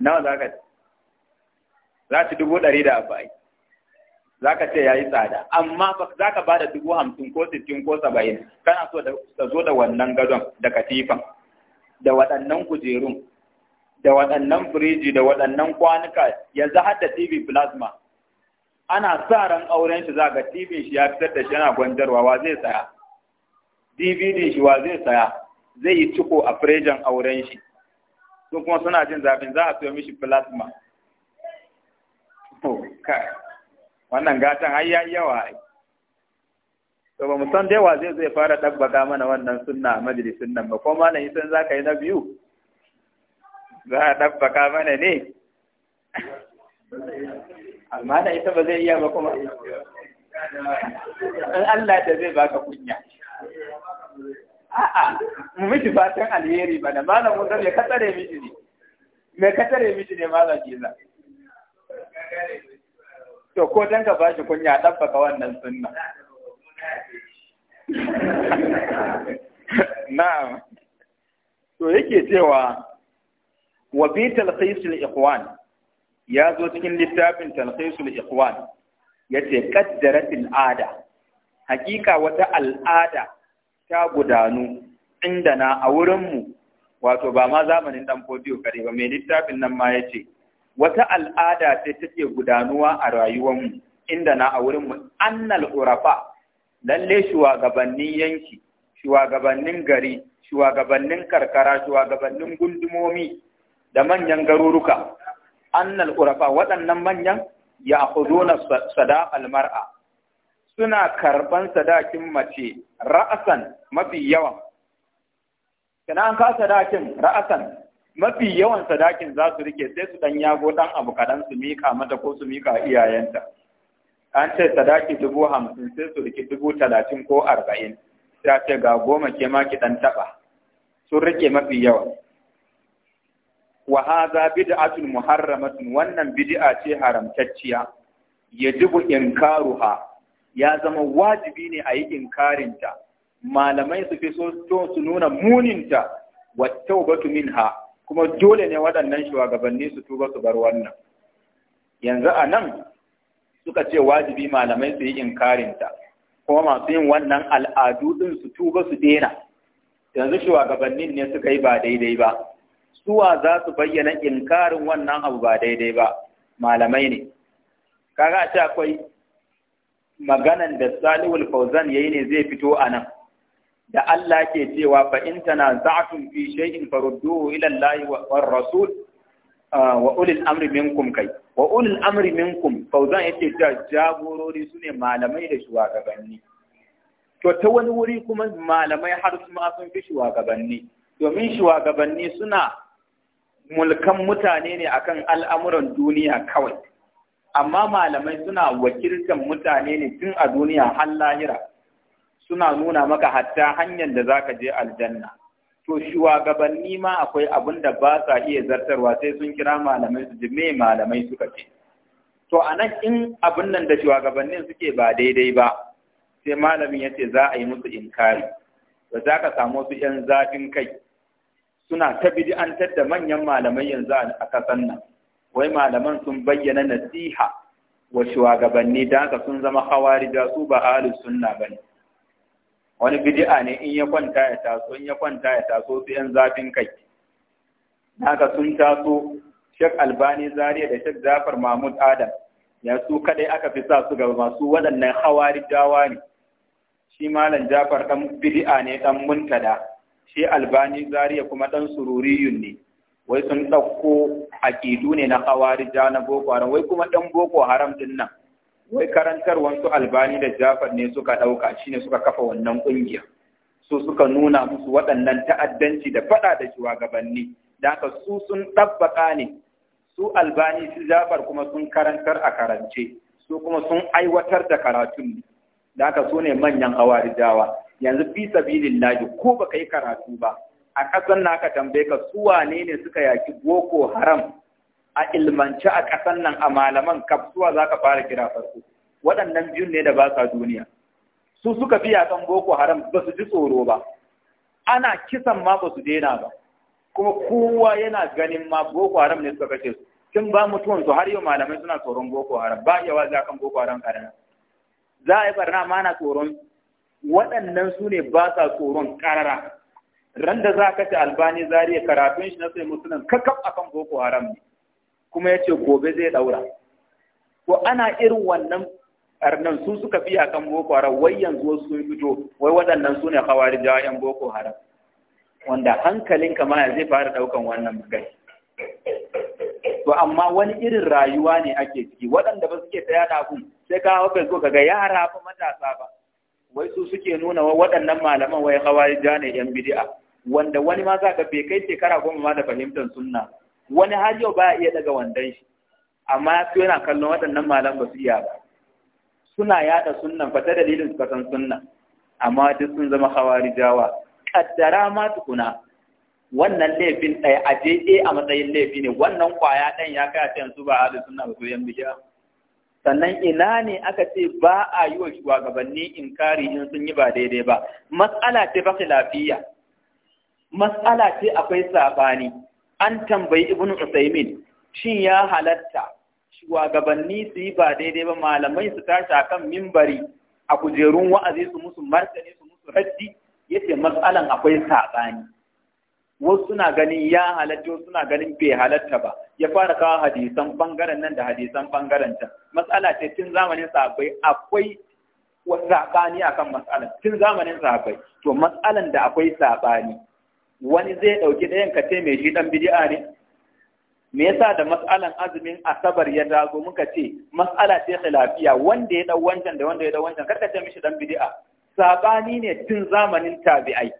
nawa za ka za ci dubu ɗari da arba'in za ka ce ya yi tsada amma za ka ba da dubu hamsin ko sittin ko saba'in kana so ka zo da wannan gadon da katifan da waɗannan kujerun da waɗannan firiji da waɗannan kwanuka yanzu har da tv plasma ana sa ran auren shi za ga tv shi ya fitar da shi yana gwanjarwa wa zai saya dvd shi wa zai saya zai yi ciko a firijin auren shi sun kuma suna jin zafin za a siyo mishi plasma to kai wannan gatan har yayi yawa ai to ba san dai yawa zai zai fara dabbaka mana wannan sunna a majalisin nan ba ko san isan ka yi na biyu za a dabbaka mana ne amma da ita ba zai iya ba kuma in Allah da zai baka kunya a'a mu miki fatan alheri ba da malam mun zai ka tsare miki ne me ka tsare miki ne malam giza to ko dan ka bashi kunya dabbaka wannan sunna na'am to yake cewa wa bi talqisul ikhwan ya zo cikin littafin talqisul ikhwan yace qaddaratil ada haƙiƙa wata al'ada ta gudanu inda na a wurinmu wato ba ma zamanin ɗan fodiyo kare ba mai littafin nan ma ya ce wata al'ada ce take gudanuwa a rayuwanmu inda na a wurinmu annal urafa lalle shugabannin yanki shugabannin gari shugabannin karkara shugabannin gundumomi da manyan garuruka annal urafa waɗannan manyan ya sada mar'a suna karɓan sadakin mace ra'asan mafi yawan. Kana an ka sadakin ra'asan mafi yawan sadakin za su rike sai su ɗan yago ɗan abu kadan su miƙa mata ko su miƙa iyayenta. An ce sadaki dubu hamsin sai su rike dubu talatin ko arba'in. Sai ce ga goma ke ma ki dan taɓa. Sun rike mafi yawa. Wa atun bid'atun muharramatun wannan bid'a ce haramtacciya. Yajibu inkaruha ya zama wajibi ne a yi inkarinta malamai su fi so su nuna muninta wa taubatu minha kuma dole ne waɗannan shugabanni su tuba su bar wannan yanzu a nan suka ce wajibi malamai su yi inkarinta kuma masu yin wannan al'adu ɗin su tuba su dena yanzu shugabannin ne suka yi ba daidai ba suwa za su bayyana inkarin wannan abu ba daidai ba malamai ne kaga a ce akwai maganan da Salihul Fauzan yayi ne zai fito anan da Allah ke cewa fa in tanaza'tum fi shay'in farudduhu ila Allah wa rasul ah, wa ulil amri minkum kai wa ulil amri minkum fauzan yake cewa jagorori sune malamai da shugabanni to ta wani wuri kuma malamai har su ma sun fi shugabanni domin shugabanni suna mulkan mutane ne akan al'amuran duniya kawai amma malamai suna wakiltar mutane ne tun a duniya har lahira suna nuna maka hatta hanyar da zaka je aljanna to shugabanni ma akwai abin da ba sa iya zartarwa sai sun kira malamai su me malamai suka ce to anan in abin nan da shugabannin suke ba daidai ba sai malamin ya ce za a yi musu inkari da za ka samu su 'yan zafin kai suna ta an da manyan malamai yanzu a kasan nan wai malaman sun bayyana nasiha wa shugabanni da haka sun zama hawa su ba ahlus sunna bane wani bid'a ne in ya kwanta ya taso in ya kwanta ya taso su yan zafin kai haka sun taso Sheikh Albani Zaria da Sheikh Zafar Mahmud Adam ya su kadai aka fi sa su ga masu waɗannan hawarijawa ne shi malam Jafar dan bid'a ne dan muntada shi Albani Zaria kuma ɗan sururiyun ne wai sun ɗauko aƙidu ne na ja na boko haram wai kuma ɗan boko haram din nan wai wasu albani da jafar ne suka ɗauka shi ne suka kafa wannan ƙungiya su suka nuna musu waɗannan ta'addanci da faɗa da shugabanni da aka su sun ɗabbaƙa ne su albani su jafar kuma sun karantar a karance su kuma sun aiwatar da karatun ne da aka su ne manyan jawa yanzu fi sabilillahi ko baka yi karatu ba a ƙasan na aka tambaye ka su wane ne suka yaki boko haram a ilmanci a ƙasan nan a malaman kafsuwa za ka fara kira farko waɗannan biyun ne da ba sa duniya su suka fi yakan boko haram ba su ji tsoro ba ana kisan ma ba su daina ba kuma kowa yana ganin ma boko haram ne suka kashe su kin ba mutuwan su har yau malamai suna tsoron boko haram ba yawa za kan boko haram karana za a yi barna ma na tsoron waɗannan su ne ba sa tsoron karara ran da za ka ci albani zariya karatun shi na sai musulun kakaf akan boko haram ne kuma ya ce gobe zai daura ko ana irin wannan arnan su suka fi akan boko haram wai yanzu wasu fito wai waɗannan su ne kawari jawayen boko haram wanda hankalin kama ya zai fara ɗaukan wannan magani to amma wani irin rayuwa ne ake ciki waɗanda ba suke ta yaɗa abun sai ka hau facebook ga yara fa matasa ba wai su suke nuna wa waɗannan malaman wai hawari ja ne yan bidi'a wanda wani ma za ka bai kai shekara goma ma da fahimtar sunna wani har yau ba iya daga wandan shi amma fi yana kallon waɗannan malam ba su iya ba suna yaɗa sunnan fa ta dalilin su san sunna amma duk sun zama hawari jawa kaddara ma tukuna wannan laifin ɗaya a je a matsayin laifi ne wannan kwaya ɗan ya kai a can su ba halin sunna ba su yan sannan ina ne aka ce ba a yi wa shugabanni inkari in sun yi ba daidai ba matsala ce ba khilafiyya matsala ce akwai sabani an tambayi ibnu usaimin shin ya halatta shugabanni su yi ba daidai ba malamai su tashi akan mimbari a kujerun wa'azi su musu martani su musu raddi yace matsalan akwai sabani wasu suna ganin ya halatta wasu suna ganin bai halatta ba ya fara kawo hadisan bangaren nan da hadisan bangaren can matsala ce tun zamanin sahabbai akwai sabani akan matsala tun zamanin sahabbai to matsalan da akwai sabani wani zai ɗauki ɗayan ka mai shi ɗan bidi'a ne me yasa da mas'alan azumin asabar ya dago muka ce mas'ala ce khilafiya wanda ya ɗau wancan da wanda ya ɗau wancan karka ce mishi ɗan bid'a sabani ne tun zamanin tabi'ai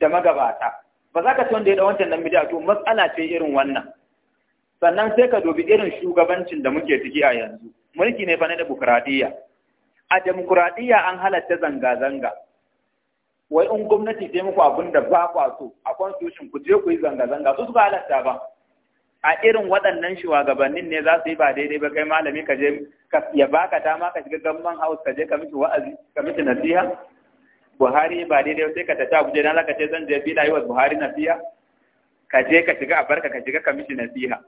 da magabata ba za ka ce wanda ya ɗau wancan ɗan bid'a to mas'ala ce irin wannan sannan sai ka dubi irin shugabancin da muke ciki a yanzu mulki ne fa na demokradiyya a demokradiyya an halatta zanga zanga wai in gwamnati ta muku abin da ba kwa so a constitution ku je ku yi zanga-zanga su suka halatta ba a irin waɗannan shugabannin ne za su yi ba daidai ba kai malami ka je ya baka dama ka shiga gamban house ka je ka miki wa'azi ka miki nasiha Buhari ba daidai sai ka tata guje dan ce zan je bila yiwa Buhari nasiha ka je ka shiga a barka ka shiga ka miki nasiha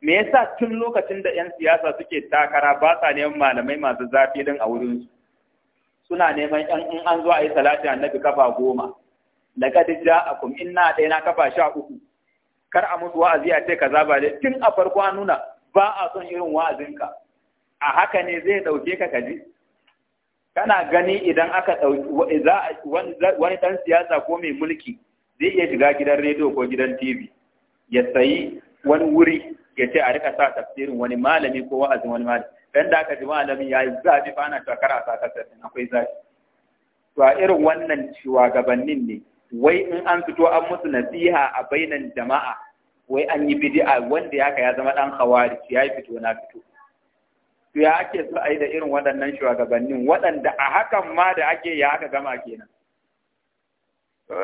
me yasa tun lokacin da 'yan siyasa suke takara ba sa neman malamai masu zafi din a wurinsu suna neman ‘yan in an zo a yi salati annabi kafa goma, da ja a kum ina ɗaya na kafa sha uku, kar a musu wa'azi a ce ka zaba dai tun a farko an nuna ba a son irin wa'azinka, a haka ne zai ɗauke ka kaji. Kana gani idan aka ɗauki wani ɗan siyasa ko mai mulki zai iya shiga gidan rediyo ko gidan TV ya sayi wani wuri ya ce a rika sa tafsirin wani malami ko wa'azin wani malami. dan da aka ji malamin yayi zafi fa ana cewa sa ta kasafin akwai zafi to a irin wannan ciwa gabanin ne wai in an fito an musu nasiha a bainan jama'a wai an yi bid'a wanda yaka ya zama dan khawari ya fito na fito to ya ake so a yi da irin waɗannan shugabannin waɗanda a hakan ma da ake ya aka gama kenan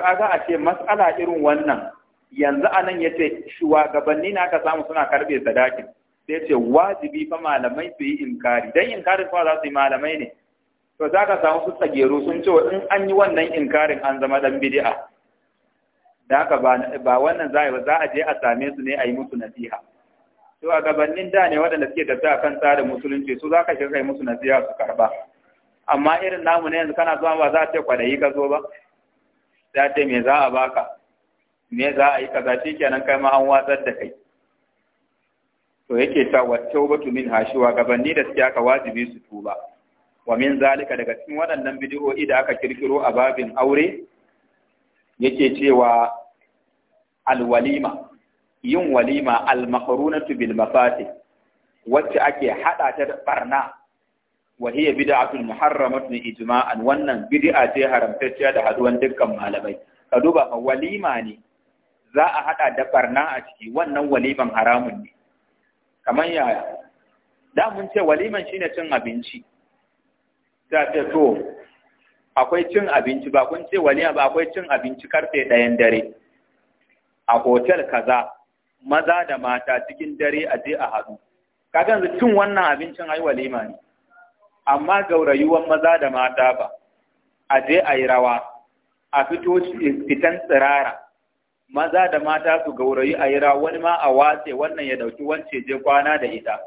aga a ce matsala irin wannan yanzu anan yace shugabanni na aka samu suna karbe sadakin sai ce wajibi fa malamai su yi inkari dan inkarin fa za su yi malamai ne to za ka samu su tsagero sun ce in an yi wannan inkarin an zama dan bid'a da haka ba wannan za a za a je a same su ne a yi musu nasiha to a gabanin da ne waɗanda suke tafiya kan tsarin musulunci su za ka shiga yi musu nasiha su karba amma irin namu ne yanzu kana zuwa ba za a ce kwadayi ka zo ba za a ce me za a baka me za a yi kaza kenan kai ma an watsar da kai to yake ta wa tawbatu min hashiwa gabanni da suke aka wajibi su tuba wa min zalika daga cikin waɗannan bidiyo da aka kirkiro a babin aure yake cewa alwalima yin walima almaqrunatu bil mafati wacce ake hada ta da barna wa hiya bid'atul muharramatun ijma'an wannan bid'a ce haramtacciya da haduwan dukkan malamai ka duba fa walima ne za a hada da barna a ciki wannan waliman haramun ne kamar yaya da mun ce waliman shine cin abinci Ta ce to akwai cin abinci ba kun ce walima ba akwai cin abinci karfe ɗayan dare a hotel kaza maza da mata cikin dare a je a haɗu kaga yanzu cin wannan abincin ai walima ne amma gaurayuwan maza da mata ba a je a yi rawa a fito fitan tsirara maza da mata su gaurayi a yira wani ma a watse wannan ya dauki wance je kwana da ita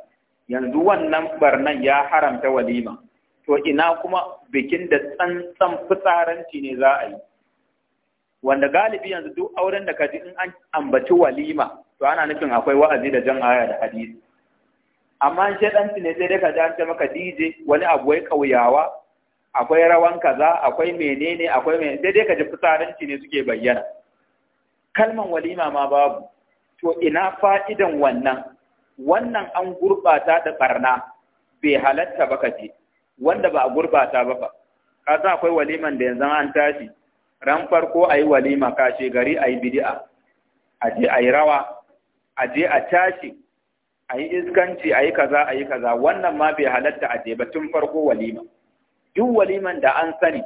yanzu wannan barnan ya haramta walima to ina kuma bikin da tsantsan fitsaranci ne za a yi wanda galibi yanzu duk auren da kaji in an ambaci walima to ana nufin akwai wa'azi da jan aya da hadisi amma shaɗanci ne sai dai ka an ce maka DJ wani abu wai kauyawa akwai rawan kaza akwai menene akwai menene sai dai ka ji fitsaranci ne suke bayyana kalman walima ma babu to ina fa'idan wannan wannan an gurbata da barna bai halatta ba kaje wanda ba a gurbata ba ba ka za akwai waliman da yanzu an tashi ran farko ayi walima kashe gari ayi bid'a a je ayi rawa a je a tashi a yi iskanci a yi kaza a yi kaza wannan ma bai halatta a ba tun farko walima duk waliman da an sani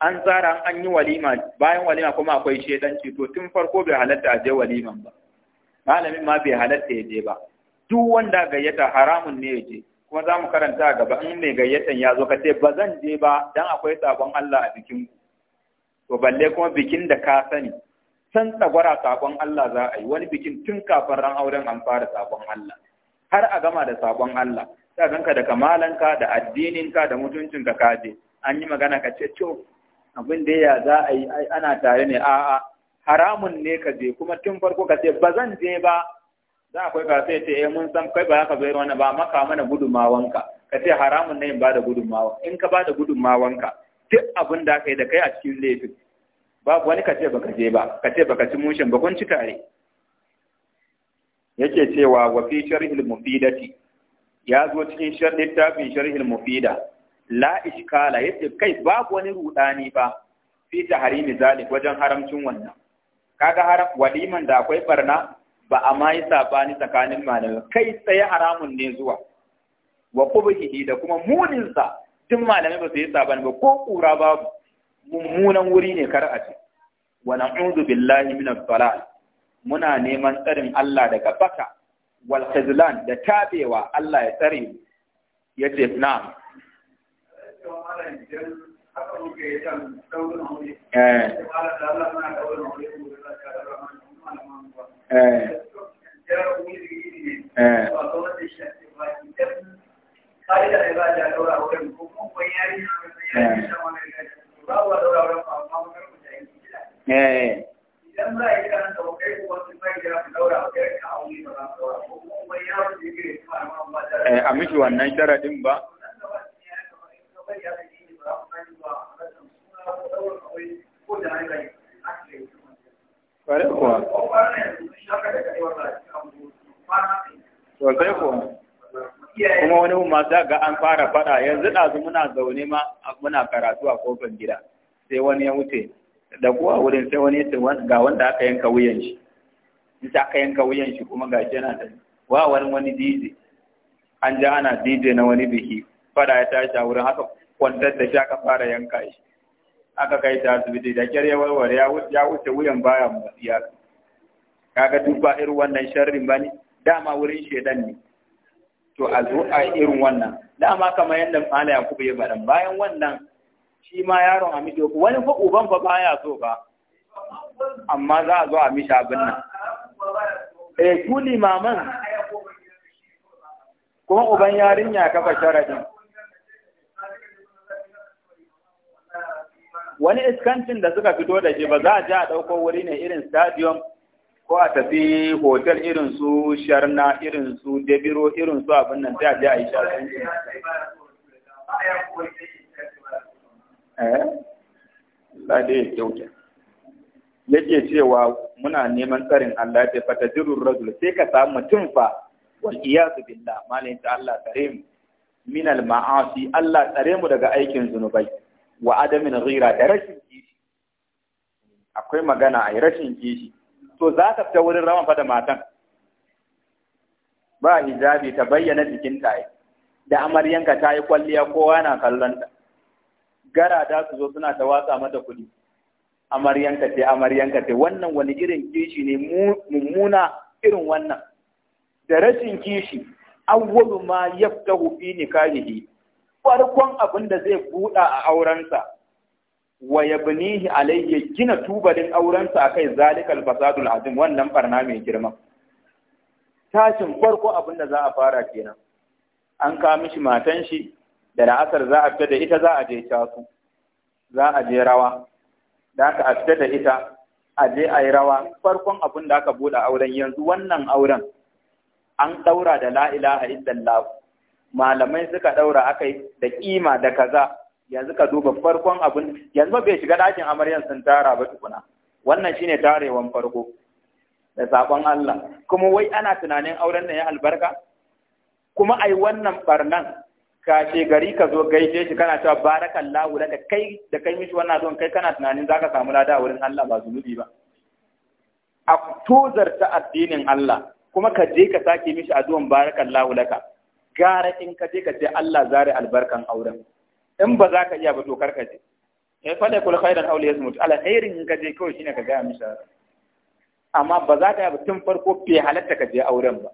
an tsara an yi walima bayan walima kuma akwai shedanci to tun farko bai halatta a je waliman ba malamin ma bai halatta ya je ba duk wanda gayyata haramun ne ya je kuma za mu karanta a gaba in mai gayyatan ya zo ka ce ba zan je ba dan akwai sabon Allah a bikin to balle kuma bikin da ka sani san tsagwara sabon Allah za a yi wani bikin tun kafin ran auren an fara sabon Allah har a gama da sabon Allah sai ganka da kamalanka da addinin ka da mutuncinka ka je an yi magana ka ce to abin da ya za a yi ana tare ne a'a haramun ne ka je kuma tun farko ka ce ba zan je ba za akwai ka sai ce eh mun san kai ba za ka zo wani ba maka mana gudunmawanka ka ce haramun ne in ba da gudunmawa in ka ba da gudunmawanka duk abin da aka yi da kai a cikin laifin babu wani ka ce ba ka je ba ka ce ba ka ci mushin ba kun ci tare yake cewa wa fi sharhil mufidati ya zo cikin littafin sharhil mufida la iskala yace kai babu wani rudani ba fi tahrimi zalik wajen haramcin wannan kaga haram waliman da akwai barna ba a ma sabani tsakanin malama kai tsaye haramun ne zuwa wa qubhihi da kuma munin sa tun malamai ba su yi sabani ba ko kura babu mummunan wuri ne kar a ce wa na'udhu billahi min ad muna neman tsarin Allah daga baka wal khizlan da tabewa Allah ya tsare yace na'am a miki wannan sharaɗin ba Kware kuwa. Kuma wani ma za ga an fara faɗa yanzu ɗazu muna zaune ma muna karatu a kofar gida sai wani ya wuce da kuwa wurin sai wani ya ga wanda aka yanka wuyan shi. In aka yanka wuyan shi kuma ga shi yana da wa wani wani DJ an ja ana DJ na wani biki fada ya tashi a wurin haka kwantar da shi aka fara yanka shi aka kai ta asibiti da kyar ya warware ya wuce wuyan baya motsi ya kaga duk ba irin wannan sharrin bane dama wurin shedan ne to a zo a irin wannan dama kamar yadda mala yakubu ya baɗan. bayan wannan shi ma yaron amido wani fa uban fa baya so ba amma za a zo a mishi abin nan eh ku limaman kuma uban yarinya kafa sharadin wani iskancin da suka fito da shi ba za a ji a ɗauko wuri ne irin stadium ko a tafi hotel irin su sharna irin su debiro irin su abin nan sai a je a yi sharkanci eh? ya kyauta yake cewa muna neman tsarin Allah ta fata jirun rajul sai ka samu mutum fa wal iyazu billah malayin ta Allah tsare mu min al ma'asi Allah tsare mu daga aikin zunubai wa adamin ghira da rashin kishi akwai magana a rashin kishi to za ta fita wurin rawan fa da matan ba hijabi ta bayyana jikin ta da amaryanka ta yi kwalliya kowa na kallon ta gara da su zo suna ta watsa mata kuɗi amaryanka ce amaryanka ce wannan wani irin kishi ne mummuna irin wannan da rashin kishi awwalu ma yaftahu fi nikahihi farkon abin da zai buɗa a aurensa wa yabnihi alayhi gina tubalin aurensa a kai zalikal fasadul azim wannan barna mai girma tashin farko abin da za a fara kenan an kami shi matan shi da la'asar za a fita da ita za a je casu za a je rawa da aka a fita da ita a je a yi rawa farkon abin da aka buɗa auren yanzu wannan auren an ɗaura da lailaha ilaha illallah malamai suka ɗaura yi da ƙima da kaza yanzu ka duba farkon abin yanzu bai shiga ɗakin amaryan sun tara ba tukuna wannan shine tarewan farko da sakon Allah kuma wai ana tunanin auren nan ya albarka kuma ai wannan barnan ka ce gari ka zo gaishe shi kana cewa barakallahu laka kai da kai mishi wannan zuwan kai kana tunanin zaka samu lada a wurin Allah ba zunubi ba a tozarta addinin Allah kuma ka je ka sake mishi addu'an barakallahu laka gara in ka je ka ce Allah zare albarkan auren in ba za ka iya ba to kar ka je ya eh, fada kul khairan aw yasmut alkhairin in ka je kawai shine ka gaya amsa amma ba za ka ba tun farko fi halatta ka je auren ba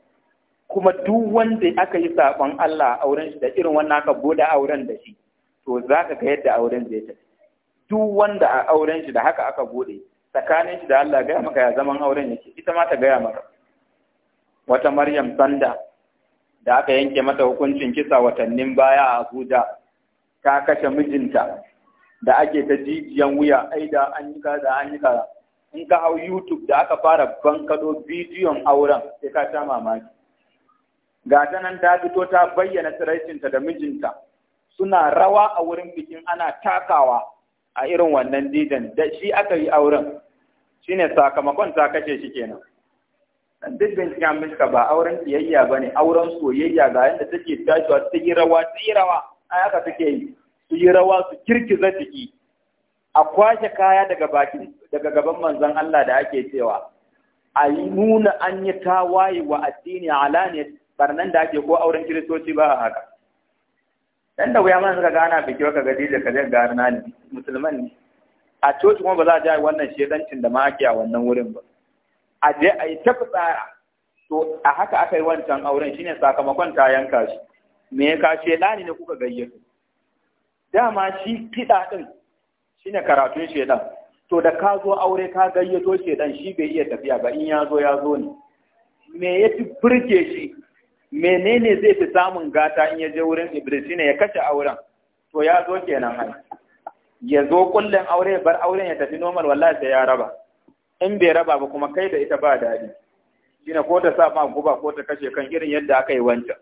kuma duk wanda aka yi saɓon Allah auren shi da irin wannan aka bude auren da shi to za ka ga yadda auren zai tafi duk wanda a auren shi da haka aka bude tsakanin shi da Allah gaya maka ya zaman auren yake ita ma ta gaya maka wata Maryam Sanda da aka yanke mata hukuncin kisa watannin baya a Abuja ta kashe mijinta da ake ta jijiyan wuya ai da an yi kaza an yi kaza in ka hau YouTube da aka fara bankado bidiyon auren sai ka sha mamaki ga ta nan ta fito ta bayyana tsiraicinta da mijinta suna rawa a wurin bikin ana takawa a irin wannan didan da shi aka yi auren shine sakamakon ta kashe shi kenan duk bincika miska ba auren kiyayya ba ne auren soyayya ga yadda take tashiwa ta yi rawa ta yi rawa a haka take yi su yi rawa su kirkiza jiki a kwashe kaya daga bakin daga gaban manzon Allah da ake cewa a yi nuna an yi tawaye wa addini alaniyar barnan da ake ko auren kiristoci ba a haka dan da wuya mana suka gana biki ka gaji da kaje garna ne musulman ne a coci kuma ba za a ja wannan shedancin da ma ake a wannan wurin ba a je a yi ta fitsara to a haka aka yi wancan auren shine sakamakon ta yanka shi me ya kashe ɗani ne kuka gayyato dama shi kiɗa ɗin shine karatun shedan to da ka zo aure ka gayyato shedan shi bai iya tafiya ba in ya zo ya zo ne me ya fi burge shi menene zai fi samun gata in ya je wurin Ibrahim shine ya kashe auren to ya zo kenan hai ya zo kullum aure ya bar auren ya tafi normal wallahi sai ya raba in bai raba ba kuma kai da ita ba daɗi shine ko ta sa ma guba ko ta kashe kan irin yadda aka yi wancan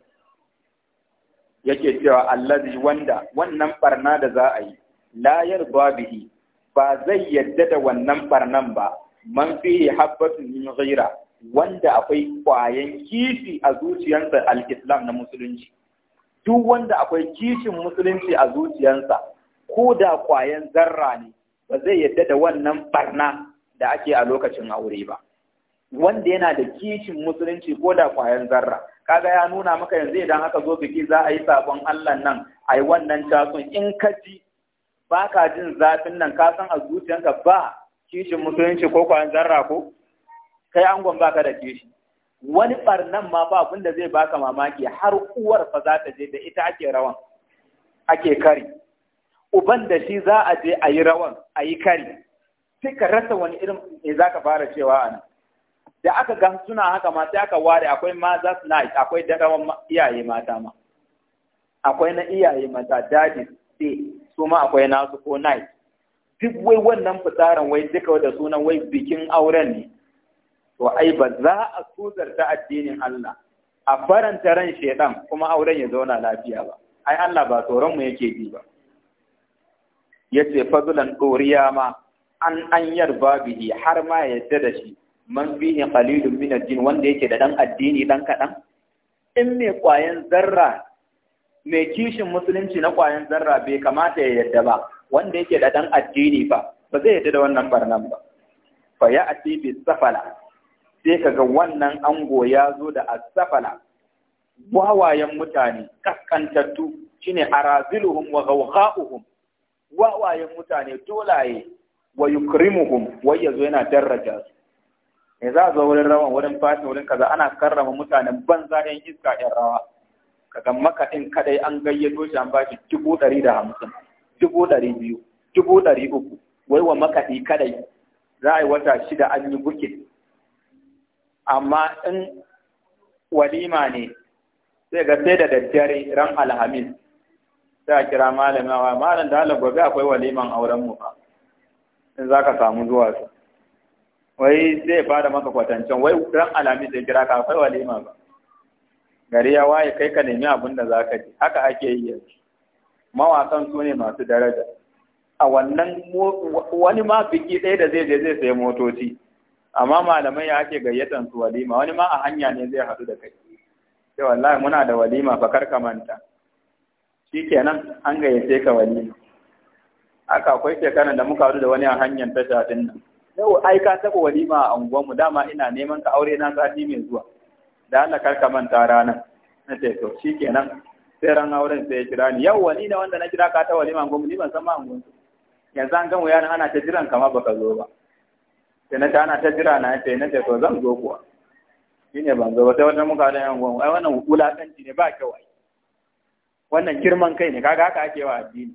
yake cewa allazi wanda wannan barna da za a yi la yarda bihi ba zai yadda da wannan barnan ba man fihi habbatun min ghaira wanda akwai kwayan kishi a zuciyarsa al-islam na musulunci duk wanda akwai kishin musulunci a zuciyarsa ko da kwayan zarra ne ba zai yadda da wannan barna da ake a lokacin aure ba wanda yana da kishin musulunci ko da kwayan zarra kaga ya nuna maka yanzu idan aka zo biki za a yi sabon Allah nan a yi wannan casun in ka ji ba ka jin zafin nan ka san a zuciyanka ba kishin musulunci ko kwayan zarra ko kai angon baka da kishi wani barnan ma ba abin da zai baka mamaki har uwar fa za ta je da ita ake rawan ake kari uban da shi za a je a yi rawan a yi kari sai ka rasa wani irin ne za ka fara cewa a nan da aka gan suna haka ma sai aka ware akwai maza night akwai dadawan iyaye mata ma akwai na iyaye mata daji sai su ma akwai nasu ko night duk wai wannan fitsarin wai duka da sunan wai bikin auren ne to ai ba za a ta addinin Allah a faranta ran shedan kuma auren ya zauna lafiya ba ai Allah ba tsoron mu yake bi ba yace fadlan ɗoriya ma an an yarba har ma ya yadda da shi man bihi qalilun min ad-din wanda yake da dan addini dan kadan in mai kwayan zarra Me kishin musulunci na kwayan zarra bai kamata ya yadda ba wanda yake da dan addini ba ba zai yadda da wannan barnan ba fa ya ati bi safala sai kaga wannan ango ya zo da asafala wawayen mutane kaskantattu shine araziluhum wa ghawgha'uhum wawayen mutane dolaye wa yukrimuhum wai yazo yana daraja su ne za a zo wurin rawan wurin fashin wurin kaza ana karrama mutanen banza yan iska yan rawa kaga makaɗin kadai an gayyato shi an bashi dubu ɗari da hamsin dubu ɗari biyu dubu ɗari uku wai wa makaɗi kadai za a yi wata shida an yi bukin amma in walima ne sai ga sai da daddare ran alhamis sai a kira malamin malam da halar gobe akwai waliman auren mu ba in za ka samu zuwa su wai zai fara maka kwatancen wai ran alami zai kira ka akwai walima ba gari ya waye kai ka nemi abin da za ka ji haka ake yi yanzu mawasan su ne masu daraja a wannan wani ma biki ɗaya da zai je zai sayi motoci amma malamai ya ake gayyatan su walima wani ma a hanya ne zai haɗu da kai sai wallahi muna da walima fa kar ka manta shikenan an gayyace ka walima haka akwai shekaran da muka haɗu da wani a hanyar tasha din nan yau ai ka taɓa walima a unguwanmu dama ina neman ka aure na sati mai zuwa da Allah kar ka manta ranar na ce to shikenan sai ran auren sai ya kira ni yau wani ne wanda na kira ka ta walima unguwanmu ni ban san ma unguwanmu yanzu an gama yana ana ta jiran kama baka zo ba sai na ta ana ta jira na ce na ce to zan zo kuwa Shi ne ban zo ba sai wata muka da yan gwamnati ai wannan wulakanci ne ba kyau ai wannan girman kai ne kaga haka ake wa addini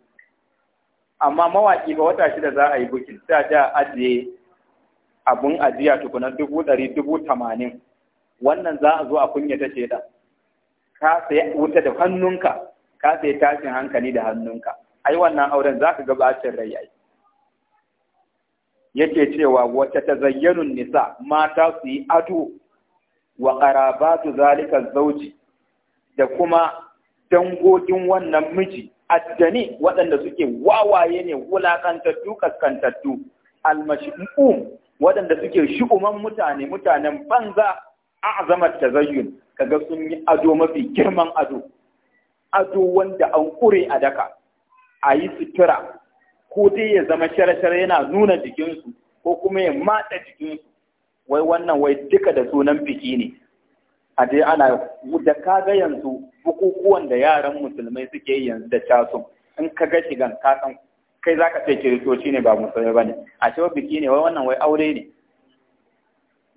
amma mawaƙi ba wata shida za a yi bukin sai a ajiye abun ajiya tukunan dubu ɗari dubu tamanin wannan za a zo a kunyata ta sheda ka sai wuta da hannunka ka sai tashin hankali da hannunka ai wannan auren za ka ga bacin rai yake cewa wata ta zayyanun nisa mata su yi ado wa ƙarabatu zalika zauji da kuma dangogin wannan miji addani waɗanda suke wawaye ne wulaƙantattu kaskantattu almashi'um waɗanda suke shi'uman mutane mutanen banza a'zamar tazayyun kaga sun yi ado mafi girman ado ado wanda an ƙure a daka a yi sutura ko dai ya zama shara-shara yana nuna jikinsu ko kuma ya matsa jikinsu wai wannan wai duka da sunan biki ne a dai ana da kaga yanzu bukukuwan da yaran musulmai suke yi yanzu da casun in ka ga shigan ka san kai zaka ce kiristoci ne ba musulmai ne. a ce biki ne wai wannan wai aure ne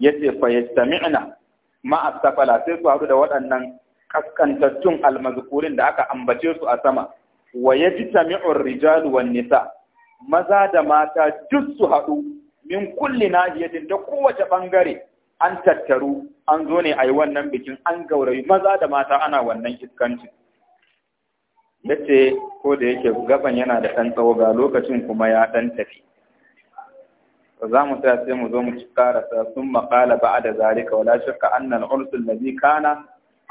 yace fa yastami'na ma ma'asafala sai su haɗu da waɗannan kaskantattun almazkurin da aka ambace su a sama wa ya sami'un rijalu wa nisa maza da mata duk su haɗu min kulli nahiyatin ta kowace ɓangare. an tattaru an zo ne a yi wannan bikin an gaurayi maza da mata ana wannan iskancin ya ce ko da yake gaban yana da ɗan tsawo ga lokacin kuma ya ɗan tafi za mu sai mu zo mu ci karasa sun makala ba a da ka wala shakka annal ursul ladhi kana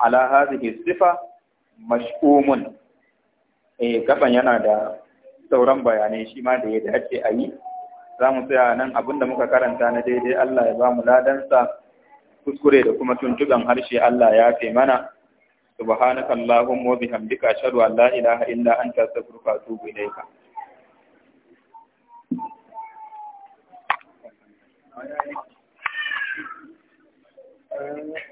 ala hadhihi sifa mash'umun eh gaban yana da sauran bayanai shi ma da ya dace a yi za mu tsaya nan da muka karanta na daidai Allah ya ba mu ladansa kuskure da kuma tuntuban harshe Allah ya fi mana subhanaka allahumma wa bihamdika ashhadu an la ilaha illa anta astaghfiruka wa atubu ilayka Thank you.